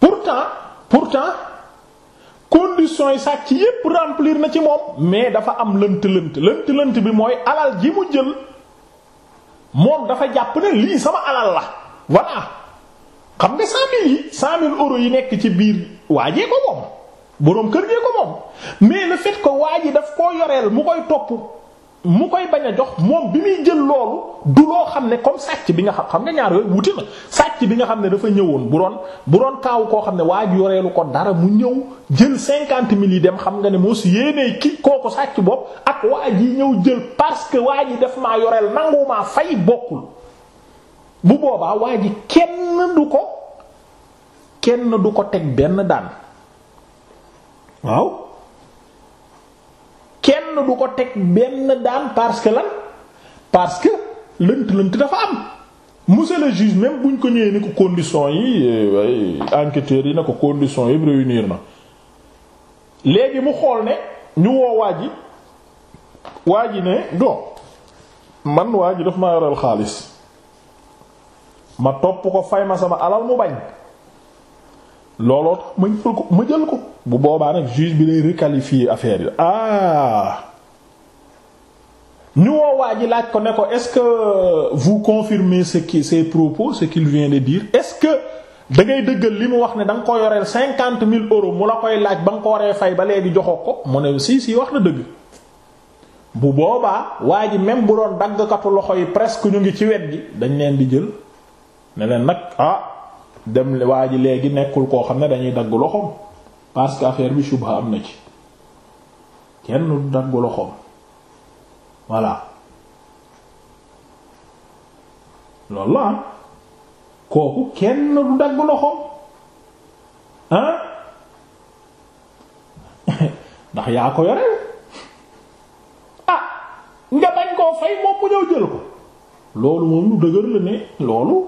pourtant pourtant conditions yi sàcc yépp remplir na ci moom mais dafa am lënt lënt lënt lënt bi mooy alal ji mu jël moom dafa jàpp ne lii sama alal la voilà xam nga cent mille yi cent mille yi nekk ci biir waajee ko moom boroom kër gee ko moom mais le fait que waa yi daf koo yoreel mu koy topp mu koy bañ a jox moom bi muy jël loolu du loo xam ne comme sàcc bi nga xam xam nga ñaar yooyu wuti bi nga xam ne dafa ñëwoon bu doon bu doon kaaw koo xam ne waa ji yoreelu ko dara mu ñëw jël cinquante mille yi dem xam nga ne moo si yéenee ki kooku sàcc bopp ak waa ji ñëw jël parce que waa ji def ma yoreel nangumaa fay bokkul bu boobaa waa ji kenn du ko kenn du ko teg benn daan waaw kenn du ko teg benn daan parce que lan parce que lënt-lënt dafa am monsieur le juge même buñ ko ñëwee ni ko condition yi waaye euh, yi na ko condition yi réunir na léegi mu xool ne ñu woo waa ji waa ji ne don man waa ji daf ma yoral xaalis ma topp ko fay ma sama alal mu bañ looloo tax ma jël ko ma jël ko bu boobaa nag juge bi lay requalifier affaire yi ah ñu woo waa ji laaj ko ne ko est-ce que vous confirmez ce qui ses propos ce qu'il vient de dire est-ce que dangay ngay dëggal li mu wax ne da nga ko yoreel cinquante mille euros mu la koy laaj ba nga ko waree fay ba léegi joxoo ko mu ne si si wax na dëgg bu boobaa waa ji même bu doon daggkatu loxo yi presque ñu ngi ci wet gi dañ leen di jël ne leen nag ah dem waa ji léegi nekkul koo xam ne dañuy dagg loxoom. parce que affaire bi subha am na ci kenn du daggu loxoom voilà loolu la am kooku kenn du daggu loxoom ah ndax yaa ko yore ah nga bañ koo fay moom mu ñëw jël ko loolu moom lu dëgër la ne loolu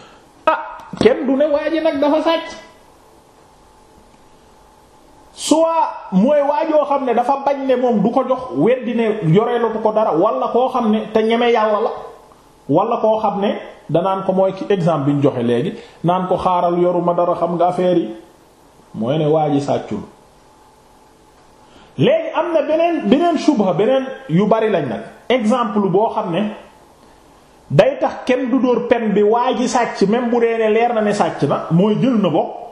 ah kenn du ne waa nag dafa sàcc soit mooy waajoo xam ne dafa bañ ne moom du ko jox weddi ne yoreelatu ko ko dara walla koo xam ne te ñeme yàlla la wala koo xam ne danaan ko mooy ki exemple bi ñu joxee léegi naan ko xaaral yoruma dara xam nga affaire yi mooy ne waa ji sàccul léegi am na beneen beneen subha beneen yu bari lañ nag exemple boo xam ne day tax kenn du dóor pen bi waa ji sàcc même bu dee ne leer na ne sàcc na mooy jël na bokk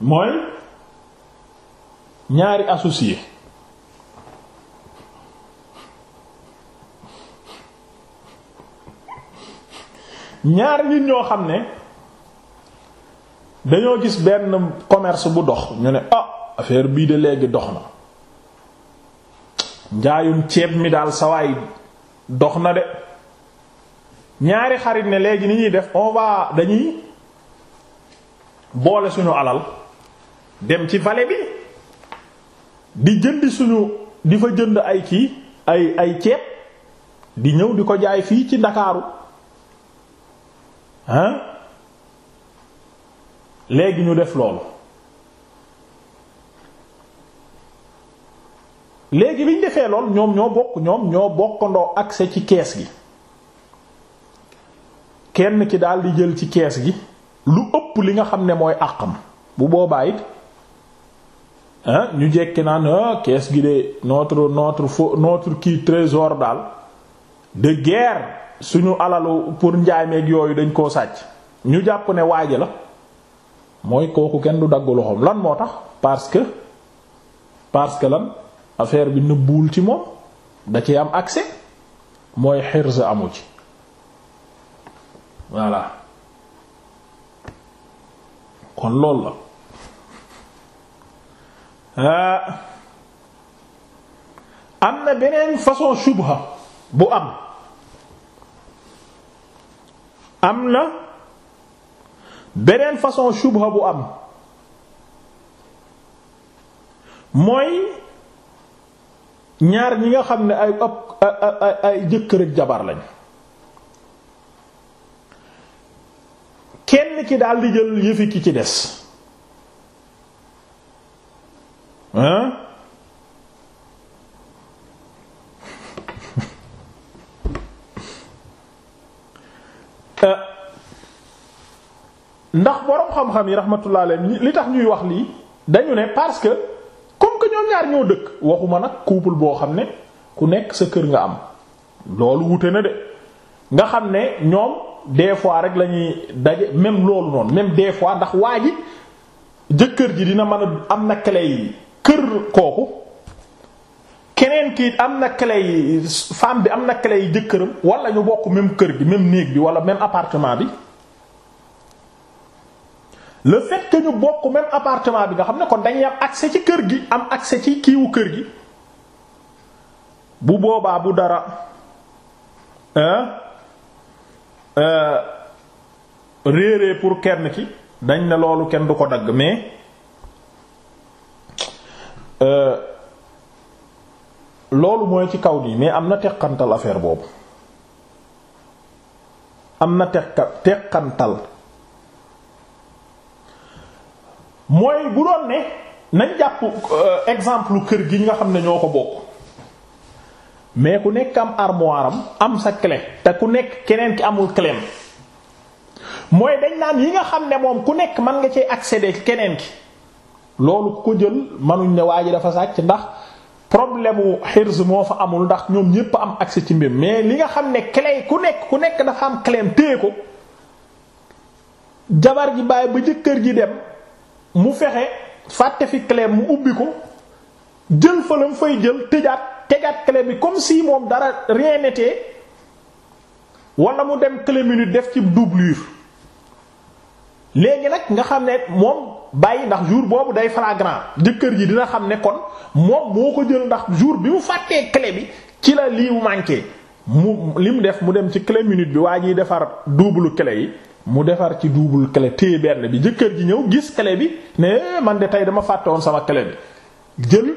mooy ñaari associé ñaar nit ñoo xam ne dañoo gis benn commerce bu dox ñu ne ah affaire bii de léegi dox na njaayum ceeb mi daal sawaay dox na de ñaari xarit ne léegi ni ñuy def on va dañuy boole suñu alal dem ci vallée bi di jëndi suñu di fa jënd ay kii ay ay ceeb di ñëw di ko jaay fii ci Ndakaaru ah léegi ñu def loolu léegi bi ñu defee lool ñoom ñoo bokk ñoom ñoo bokkandoo accès ci kees gi kenn ki daldi jël ci kees gi lu ëpp li nga xam ne mooy àqam bu boobaay it ñu jekki naan ah kees gi de notre notre fo notre kii trésor daal de guerre suñu alalu pour njaay yooyu dañ koo sàcc ñu jàpp ne waaji la mooy kooku kenn du dagg loxoom lan moo tax parce que parce que lan affaire bi nëbbuwul ci moom da ci am accès mooy xirs amu ci voilà kon loolu la. Ah. am na beneen façon shubha bu am am na beneen façon shubha bu am mooy ñaar ñi nga xam ni ay ay jëkkër ak jabar lañ kenn ki daal di jël yëfi ki ci des hein euh, ndax boroom xam-xam yi rahmatullah alayhi li tax ñuy wax lii dañu ne parce que comme que ñoom ñaar ñoo dëkk waxuma nag couple boo xam ne ku nekk sa kër nga am loolu wute na de nga xam ne ñoom des fois rek lañuy ñuy daje même loolu noonu même des fois ndax waa ji jëkkër ji dina man a am na clé yi kër kooku keneen kii am na clé yi femme bi am na clé yi jëkkëram wala ñu bokk même kër gi même néeg bi wala même appartement bi le fait ñu bokk même appartement bi nga xam ne kon dañuy am accès ci kër gi am accès ci kiiwu kër gi bu boobaa bu dara euh, réeree pour kenn ki dañ ne loolu kenn du ko dagg mais Euh, loolu mooy ci kaw nii mais am na teqantal affaire boobu am na teqa teqantal mooy bu doon ne nañ jàpp euh, exemple kër gi nga xam ne ñoo ko bokk mais ku nekk am armoire am am sa clé te ku nekk keneen ki amul clé mooy dañ naan yi nga xam ne moom ku nekk mën nga ci accéder keneen ki loolu ko jël manuñ ne waa ji dafa sàcc ndax problème wu xirs moo fa amul ndax ñoom ñépp am accès ci mbir mais li nga xam ne clé ku nekk ku nekk dafa am clé téye ko jabar ji bàyyi ba jëkkër ji dem mu fexe fàtte fi clé mu ubbi ko jël fa la fay jël tëjaat tegaat clé bi comme si moom dara rien n'était wala mu dem clé minute def ci doublure léegi nag nga xam ne moom bàyyi ndax jour boobu day flagrant jëkkër ji dina xam ne kon moom moo ko jël ndax jour bi mu fàttee clé bi ci la lii manqué mu li mu def mu dem ci clé minute bi waa jiy defar double clé yi mu defar ci double clé téye benn bi jëkkër ji ñëw gis clé bi ne eh, man de tey dama fàtte sama clé bi jël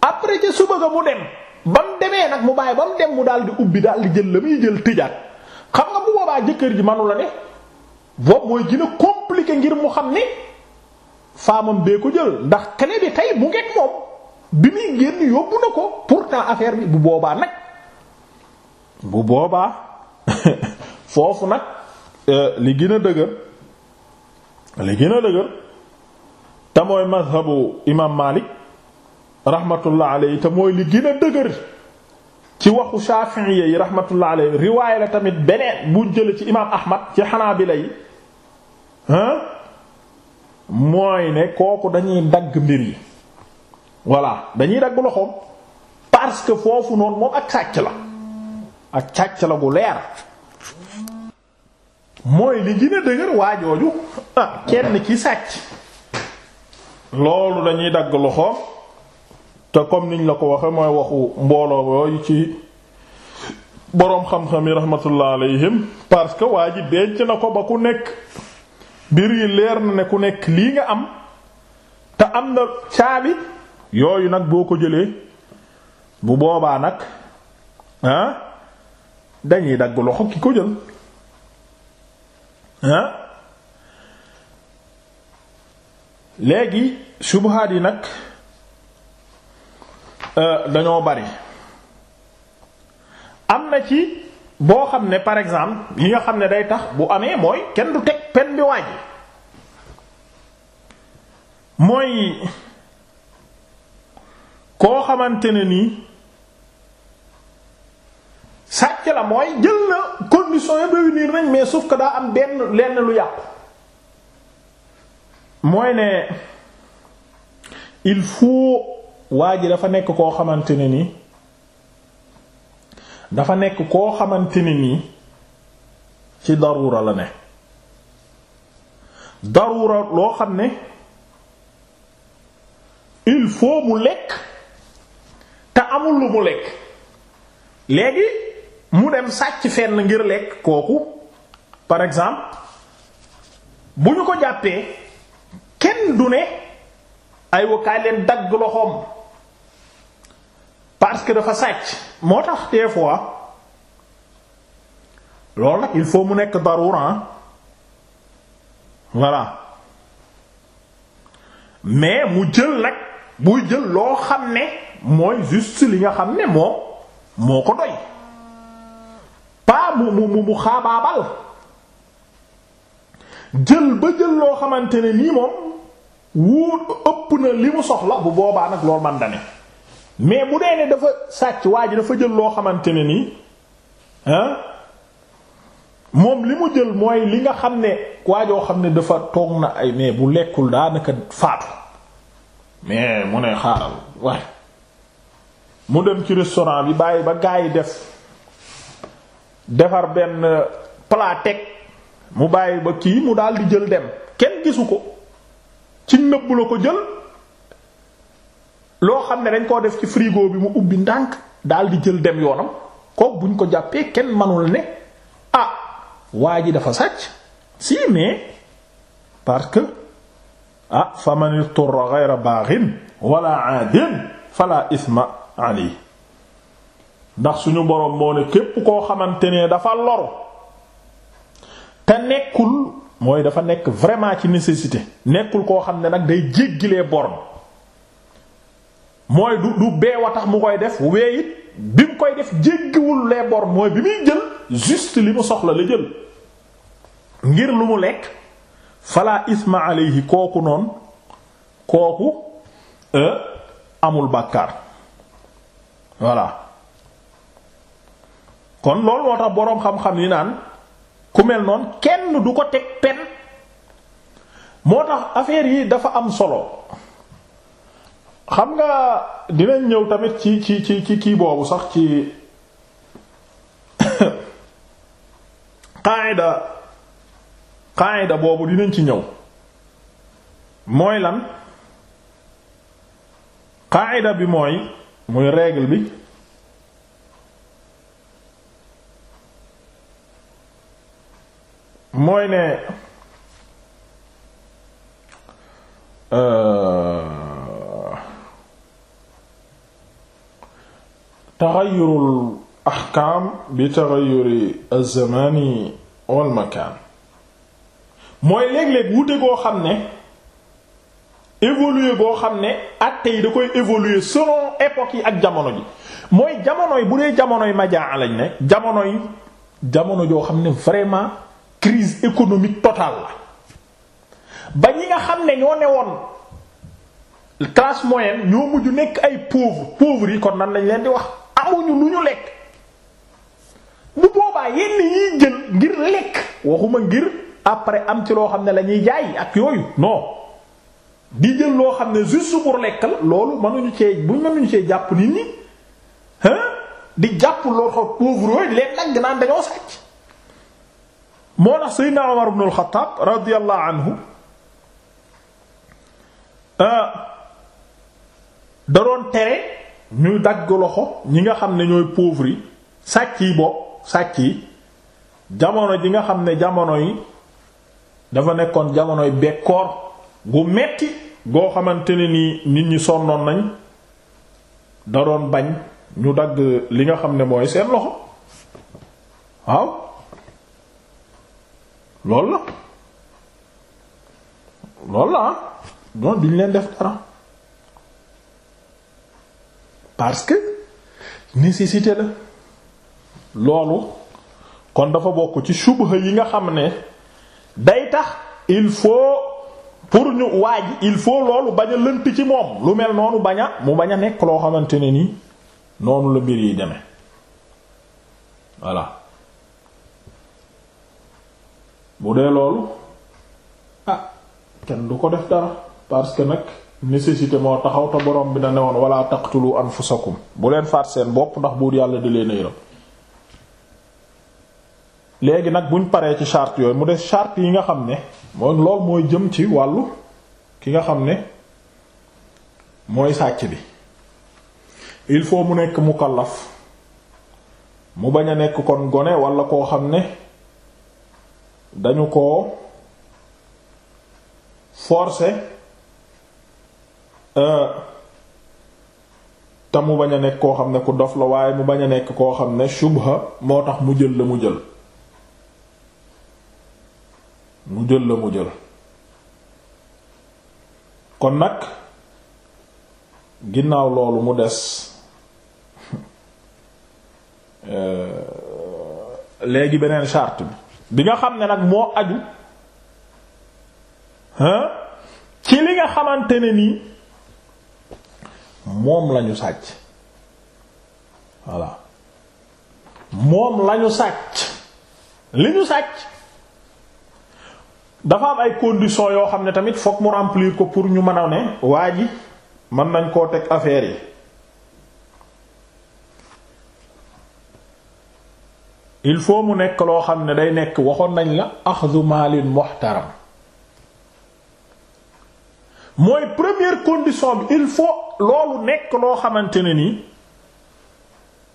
après ca suba ga mu dem ba mu demee nag mu bàyyi ba mu dem mu daal di ubbi daal di jël la muy jël tëjaat xam nga bu boobaa jëkkër ji manu la ne boobu mooy gën ngir mu xam ne faamam bee ko jël ndax kene bi tey mu ngeeg moom bi muy génn yóbbu na ko pourtant affaire bi bu boobaa nag bu boobaa foofu nag euh, li gin a dëgër li gën a dëgër te mooy mazhabu imam Malik rahmatullah alayhi li gën a dëgër ci waxu Shafi'iyya yi rahmatullah alayhi riwaaya la tamit beneen bu jële ci imam Ahmad ci Hanabila yi hein mooy ne kooku dañuy dagg mbir yi voilà dañuy dagg loxoom parce que foofu noonu moom ak sàcc la ak sàcc la gu leer mooy li gën a dëgër waajooju ah, kenn ci sàcc loolu dañuy dagg loxoom te comme niñ la ko waxee mooy waxu mbooloo yooyu ci boroom xam-xam yi rahmatullah alayhim parce que waa ji denc na ko ba ku nekk mbir yi leer na ne ku nekk lii nga am te am na caabi yooyu nag boo ko jëlee bu boobaa nag ah dañuy dagg loxo ki ko jël ah léegi subuhaat yi nag euh, dañoo bari am na ci boo xam ne par exemple li nga xam ne day tax bu amee mooy kenn du teg pen bi wàññi mooy koo xamante ne nii sàcc la mooy jël na condition yëpp réunir nañ mais sauf que daa am benn lenn lu yàqu mooy ne il faut waa ji dafa nekk koo xamante ne nii dafa nekk koo xamante ne nii ci darura la ne darura loo xam ne il faut mu lekk te amul lu mu lekk léegi mu dem sàcc fenn ngir lekk kooku par exemple bu ñu ko jàppee kenn du ne ay wakaay leen dagg loxoom parce que dafa sàcc moo tax des fois nag il faut mu nekk darura voilà mais mu jël nag buy jël loo xam ne mooy juste li nga xam ne moom moo ko doy pas mu mu mu xaabaabal jël ba jël loo xamante ne nii moom wóor ëpp na li mu soxla bu boobaa nag loolu man dane mais bu dee ne dafa sàcc waa ji dafa jël loo xamante ne nii moom li mu jël mooy li nga xam ne waajoo xam ne dafa toog na ay mais bu lekkul daanaka faatu mais mu ne xaaral waaye mu dem ci restaurant bi bàyyi ba gaa yi def defar benn plat teg mu bàyyi ba kii mu daal di jël dem kenn gisu ko ci nëbb la ko jël loo xam ne dañ koo def ci frigo bi mu ubbi ndànk daal di jël dem yoonam kook buñ ko jàppee kenn manul ne ah waa ji dafa sàcc si parce que ah fa man iturra ghayra baghin wala aadin fala isma alayhi ndax suñu boroom moo ne képp koo xamante ne dafa loru te nekkul mooy dafa nekk vraiment ci nécessité nekkul koo xam ne nag day jéggilee borne mooy du du beewa tax mu koy def weeyit bi koy def jéggiwul les bornes mooy bi muy jël juste li mu soxla la jël ngir lu mu lekk fala isma alayhi kooku noonu kooku euh, amul bàkkaar voilà kon loolu moo tax boroom xam-xam yi naan ku mel noonu kenn du ko teg pen moo tax affaire yi dafa am solo xam nga dinañ ñëw tamit ci ci ci ci kii boobu sax ci qaayida qaayida boobu dinañ ci ñëw mooy lan qaayida bi mooy muy règle bi mooy ne euh, taxayurul axkaam bi taxayuri az-zamani wal makaan mooy léeg-léeg wute goo xam ne évoluer goo xam ne àtte yi da koy évoluer selon époque yi ak jamono ji mooy jamono yi bu dee jamono yi majaa lañ ne jamono yi jamono joo xam ne vraiment crise économique totale la ba ñi nga xam ne ñoo ne woon classe moyenne ñoo mujj nekk ay pauvre pauvre yi kon nan lañ leen di wax amuñu lu ñu lekk bu boobaa yenn yiy jël ngir lekk waxuma ngir après am ci loo xam ne lañuy ñuy ak yooyu non di jël loo xam ne juste pour lekk la loolu mënuñu cee buñ mënuñu cee jàpp nit ñi hein di jàpp loo xam pauvre yooyu leen nag naan dañoo sàcc moo tax Seydina Omar ibn al-Khattab anhu euh, da doon tere ñu dagg loxo ñi nga xam ne ñooy pauvres yi sàcc yi bopp sàcc yi jamono ji nga xam ne jamono yi dafa nekkoon jamonoy bekkoor gu metti goo xamante ne nii nit ñi sonnoon nañ da doon bañ ñu dagg li nga xam ne mooy seen loxo waaw loolu la loolu la ah non duñ leen def dara parce que nécessité la loolu kon dafa bokk ci subha yi nga xam ne day tax il faut pour ñu waaj il faut loolu bañ a lënt ci moom lu mel noonu bañ a mu bañ a nekk loo xamante ne nii noonu la mbir yi demee voilà bu dee loolu ah kenn du ko def dara parce que nag nécessité moo taxaw te borom bi na ne woon wala am anfusakum bu leen faat seen bopp ndax buur yàlla di leen yërëm léegi nag buñ paree ci charte yooyu mu des charte yi nga xam ne mooy lool mooy jëm ci wàllu ki nga xam ne mooy sàcc bi il faut mu nekk mukallaf mu bañ a nekk kon gone walla koo xam ne dañu ko forcer Euh, te mu bañ a nekk koo xam ne ku dof la waaye mu bañ a nekk koo xam ne shubha moo tax mu jël la mu jël mu jël la mu jël kon nag ginnaaw loolu mu des euh, léegi beneen charte bi bi nga xam ne nag moo aju hein ci li nga xamante ne nii moom lañu sàcc voilà moom lañu sàcc li ñu sàcc dafa am ay conditions yoo xam ne tamit fokk mu remplir ko pour ñu mën a ne waa ji mën nañ koo teg affaire yi il faut mu nekk loo xam ne day nekk waxoon nañ la axdu maalin muhtaram mooy première condition bi il faut loolu nekk loo xamante ne nii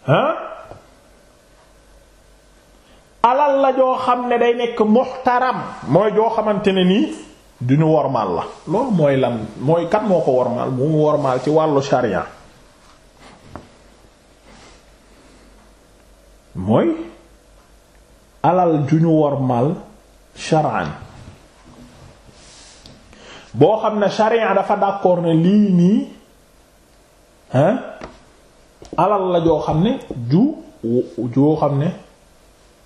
ah alal la joo xam ne day nekk muxtaram mooy joo xamante ne nii du ñu wormaal la loolu mooy lan mooy kat moo ko wormaal mu mu wormaal ci wàllu sharia mooy alal ju ñu wormaal shar'an boo xam ne sharia dafa d'accord ne lii nii hein alal la joo xam ne ju joo xam ne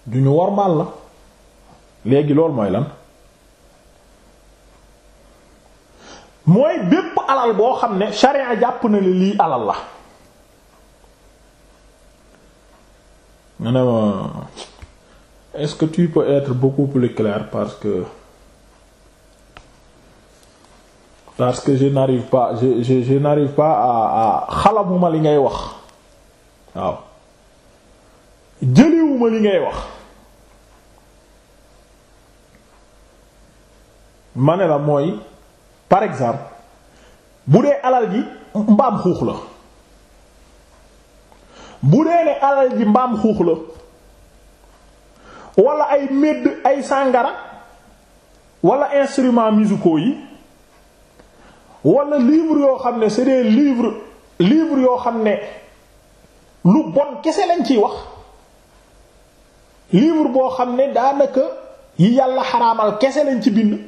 du ñu wormaal la léegi loolu mooy lan mooy bépp alal boo xam ne sharia jàpp na li lii alal la nga ne ma est-ce que tu peux être beaucoup plus parce que parce que je n'arrive pas je je je n'arrive li ngay wax waaw jëliwuma li ngay wax ma ne la mooy par exemple bu dee alal ji mbaam xuux la bu dee ne alal ji mbaam xuux la wala ay medd ay sàngara wala instruments musicaux yi wala livre yoo xam ne c'est des livres livre yoo xam ne lu bon kese lañ ciy wax livre boo xam ne daanaka yi yàlla xaraamal kese lañ ci bind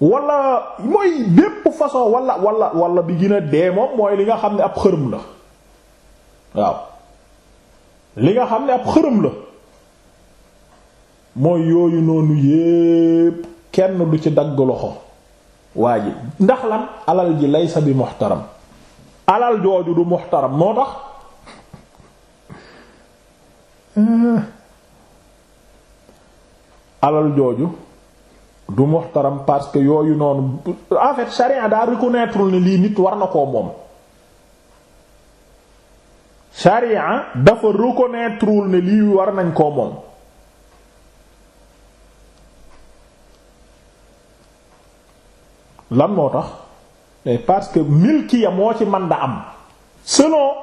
wala mooy bépp façon wala wala wala bi gën dee moom mooy li nga xam ne ab xërëm la waaw li nga xam ne ab xërëm la mooy yooyu noonu yépp kenn du ci dagg loxo waa ji ndax lan alal ji laysa bi muxtaram alal jooju du muxtaram moo tax alal jooju du muxtaram parce que yooyu noonu en fait charia daa reconnaître ne lii nit war na koo moom charia dafa reconnaître ne lii war nañ koo moom lan moo tax parce que milkiya moo ci man da am selon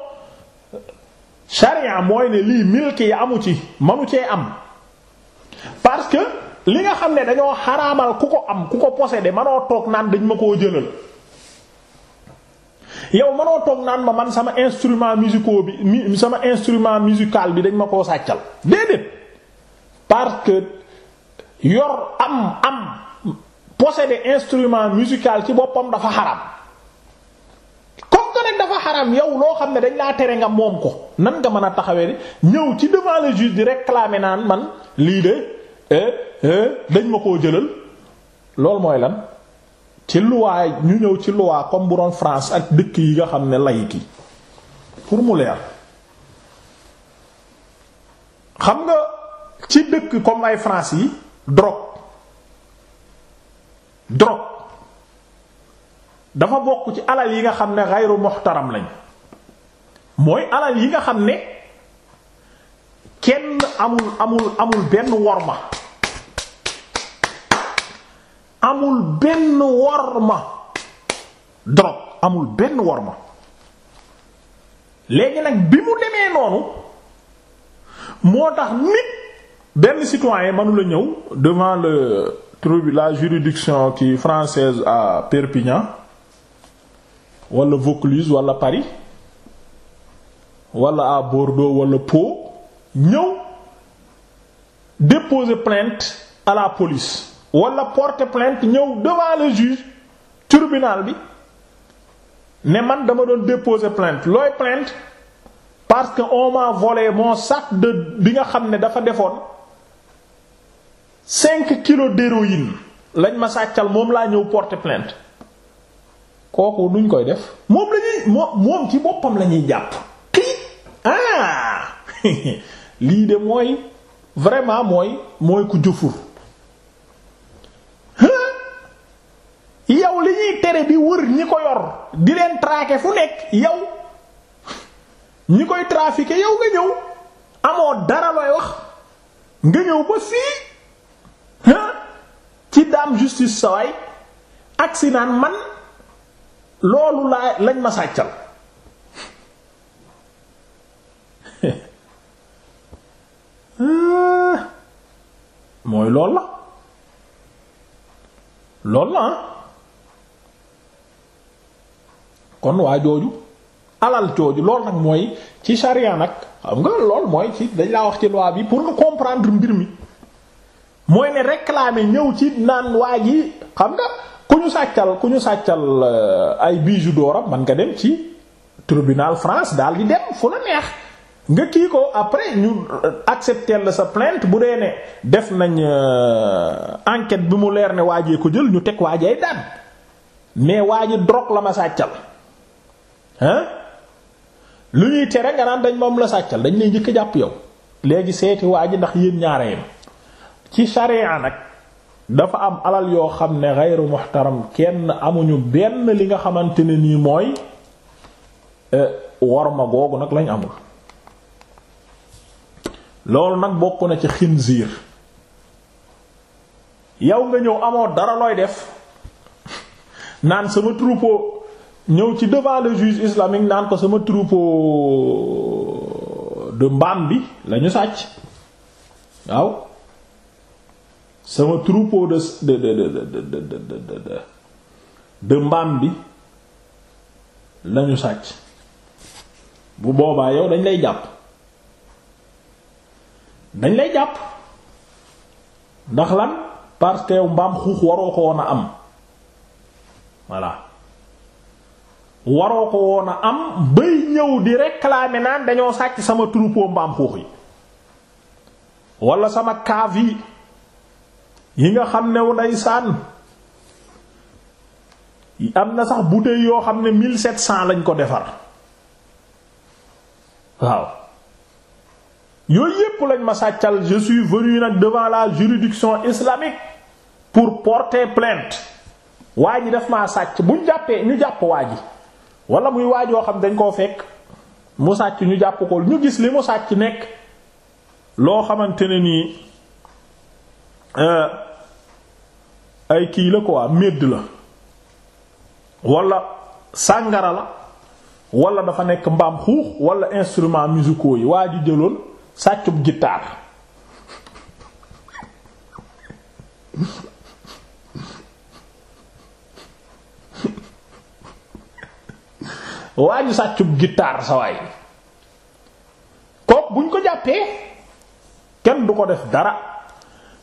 charia mooy ne lii milkiya amu ci manu cee am parce que li nga xam ne dañoo xaraamal ku ko am ku ko posséder manoo toog naan dañ ma koo jëlal yow manoo toog naan ma man sama instrument musical bi sama instrument musical bi dañ ma koo sàccal déedéet parce que yor am am posséder instrument musical ci boppam dafa xaram comme que nag dafa xaram yow loo xam ne dañ laa tere nga moom ko nan nga mën a taxawee ñëw ci devant le juge di réclamer naan man lii de eh, eh, dañ ma koo jëlal loolu mooy lan ci loi ñu ñëw ci loi comme bu doon France ak dëkk yi nga xam ne laïc yi pour mu leer xam nga ci dëkk comme ay France yi drogue drogue dafa bokk ci alal yi nga xam ne xayru muxtaram lañ mooy alal yi nga xam ne kenn amul amul amul benn worma amul benn worma drogue amul benn worma léegi nag bi mu demee noonu moo tax nit benn citoyen mënu ñëw devant le trouve la juridiction ki française à Perpignan wala Vaucluse wala Paris walla à Bordeaux wala Pau ñëw déposer plainte à la police wala porte plainte ñëw devant le juge bi ne man dama doon déposer plainte looy plainte parce que on m'a volé mon sac de bi nga xam ne dafa defoon cinq kilos d'héroïne lañ ma sàccal moom laa ñëw porter plainte kooku duñ koy def moom lañuy moom moom ci boppam lañuy jàpp xiit ah! lii de mooy vraiment mooy mooy ku jëfur yow li ñuy tere bi wër ñi ko yor di leen traquer fu nekk yow ñi koy trafiquer yow nga ñëw amoo dara looy wax nga ñëw ba fii ci daam justice sawaay agsi naan man loolu laa lañ ma sàccal mooy lool la lool la kon waa jooju alal jooju lool nag mooy ci sharia nag xam nga lool mooy ci dañ laa wax ci loi bi pour nga comprendre mbir mi mooy ne réclamer ñëw ci naan waa ji xam nga ku ñu sàccal ku ñu sàccal euh, ay bijoux d'or man nga dem ci tribunal France daal di dem fu la neex nga kii ko après ñu euh, accepter la sa plainte bu dee ne def nañ euh, enquête bi mu leer ne waajee ko jël ñu teg waajee ay daan mais waa ji drogue la ma sàccal hein lu ñuy tere nga naan dañ moom la sàccal dañ lay njëkk jàpp yow léegi seeti waa ji ndax yéen ñaaree ma ci sharia nag dafa am alal yoo xam ne xayru muxtaram kenn amuñu benn li nga xamante ne nii mooy euh, worma googu nag lañ amul loolu nag bokk na ci xinziir yow nga ñëw amoon dara looy def naan sama troupeau ñëw ci devant le juge islamique naan ko sama troupeau de mbaam bi lañu sàcc waaw sama troupeau de de de mbaam bi lañu sàcc bu boobaa yow dañ lay jàpp dañ lay jàpp ndax lan parce que mbaam xuux waroo ko woon a am voilà waroo ko woon a am bay ñëw di réclamer naan dañoo sàcc sama troupeau mbaam xuux yi walla sama cave yi yi nga xam ne sànn am na sax bouteille yoo xam ne mille sept lañ ko defar waaw yooyu yépp lañ ma sàccal je suis venu nag devant la juridiction islamique pour porté plainte waa ji daf ma sàcc buñ jàppee ñu jàpp waa ji wala muy waa joo xam dañ koo fekk mu sàcc ñu jàpp ko ñu gis li mu sàcc nekk loo xamante ne nii Euh, ay kii la quoi medd la wala sàngara la walla dafa nekk mbaam xuux wala instruments musicaux yi waa ji jëloon sàccub guitare waa ji sàccub guitare sa waay kook buñ ko jàppee kenn du ko def dara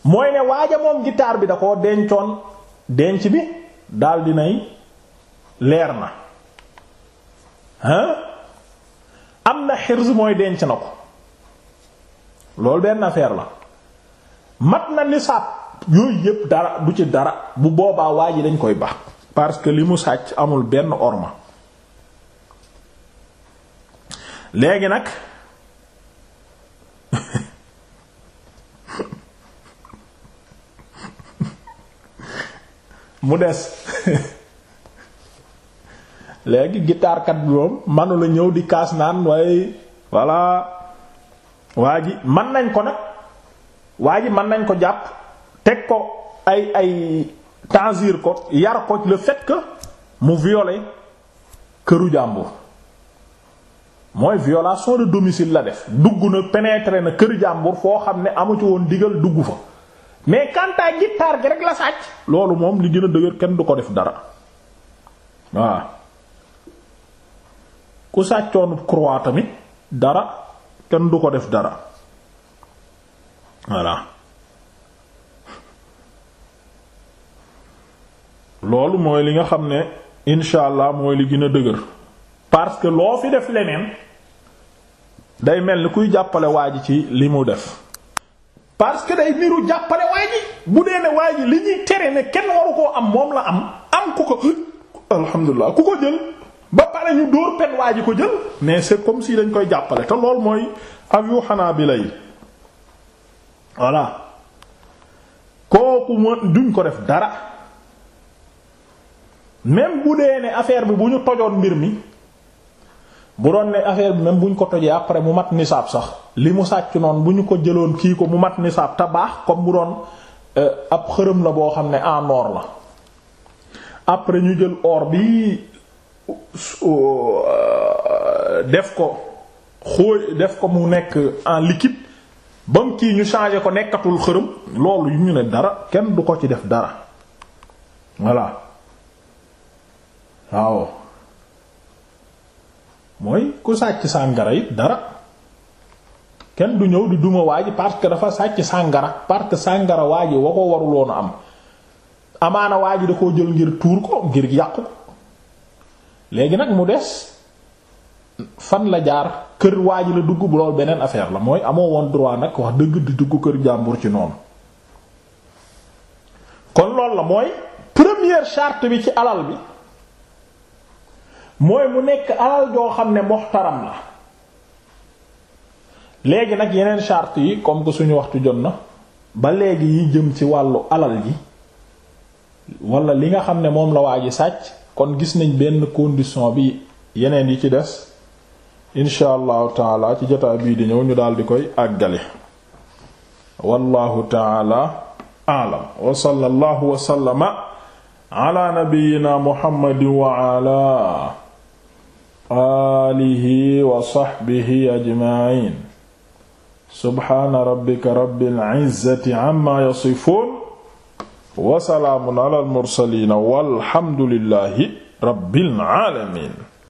mooy ne waaja moom gitaar bi da koo dencoon denc bi daal dinay leer na hein am na xirs mooy denc na ko loolu benn affaire la mat na nisaab yooyu yépp dara du ci dara bu boobaa waa ji dañ koy bax parce que li mu sàcc amul benn orma léegi nag mu des léegi guitaarkat bi moom manu la ñëw di kaas naan waaye voilà waa ji mën nañ ko nag waa ji mën nañ ko jàpp teg ko ay ay tanzir ko yar ko le fait que mu violer këru jàmbur mooy violation de domicile la def dugg na pénétrer na kër jàmbur foo xam ne amu ci woon digal dugg fa mais kantaa guitare gi rek la sàcc loolu moom li gën a dëgër kenn du ko def dara waa ku sàccoonu croix tamit dara kenn du ko def dara voilà loolu mooy li nga xam ne incha allah mooy li gën a dëgër parce que loo fi def leneen day mel ni kuy jàppale waa ji ci li mu def parce que day niru jàppale waay ji bu dee ne waay ji li ñuy tere ne kenn waru koo am moom la am am ku ko alhamdulilah ku ko jël ba pare ñu dóor pen waay ji ko jël mais c'est comme si dañ koy jàppale te lool mooy ak yu xanaa bi lay voilà kooku mën duñ ko def dara même bu dee ne affaire bi bu ñu tojoon mbir mi bu doon ne affaire bi même bu ñu ko tojee après mu mat nisaab sax li mu sàcc noonu bu ñu ko jëloon kii ko mu mat nisaab te baax comme bu doon euh, ab xërëm la boo xam ne en or la après ñu jël or bi euh, def ko xóoy def ko mu nekk en liquide bam mu kii ñu changé ko nekkatul xërëm loolu yu ñu ne dara kenn du ko ci def dara voilà waaw mooy ku sàcc sàngara it dara kenn du ñëw di duma waa ji parce que dafa sàcc sàngara parce que sàngara waa ji wa ko waruloon am amaana waa ji da koo jël ngir tuur ko ngir yàqu ko léegi nag mu des fan la jaar kër waa ji la dugg bu loolu beneen affaire la mooy amoo woon droit nag wax dëgg di dugg kër jàmbur ci noonu kon loolu la mooy première charte bi ci alal bi mooy mu nekk alal joo xam ne muxtaram la léegi nag yeneen charte yi comme que suñu waxtu jot na ba léegi yi jëm ci wàllu alal ji wala li nga xam ne moom la waa ji sàcc kon gis nañ benn condition bi yeneen yi ci des incha allahu taala ci jotaay bii di ñëw ñu daal di koy àggale wallahu taala a'lam wa sallallahu wa sallama ala nabiyyina muhammadin wa ala aalihi wa saxbihi ajmaciin subxaana rabbika rabbil izzati amma yasifuun wa salaamun alal mursaliin walhamdulillahi rabbil aalamiin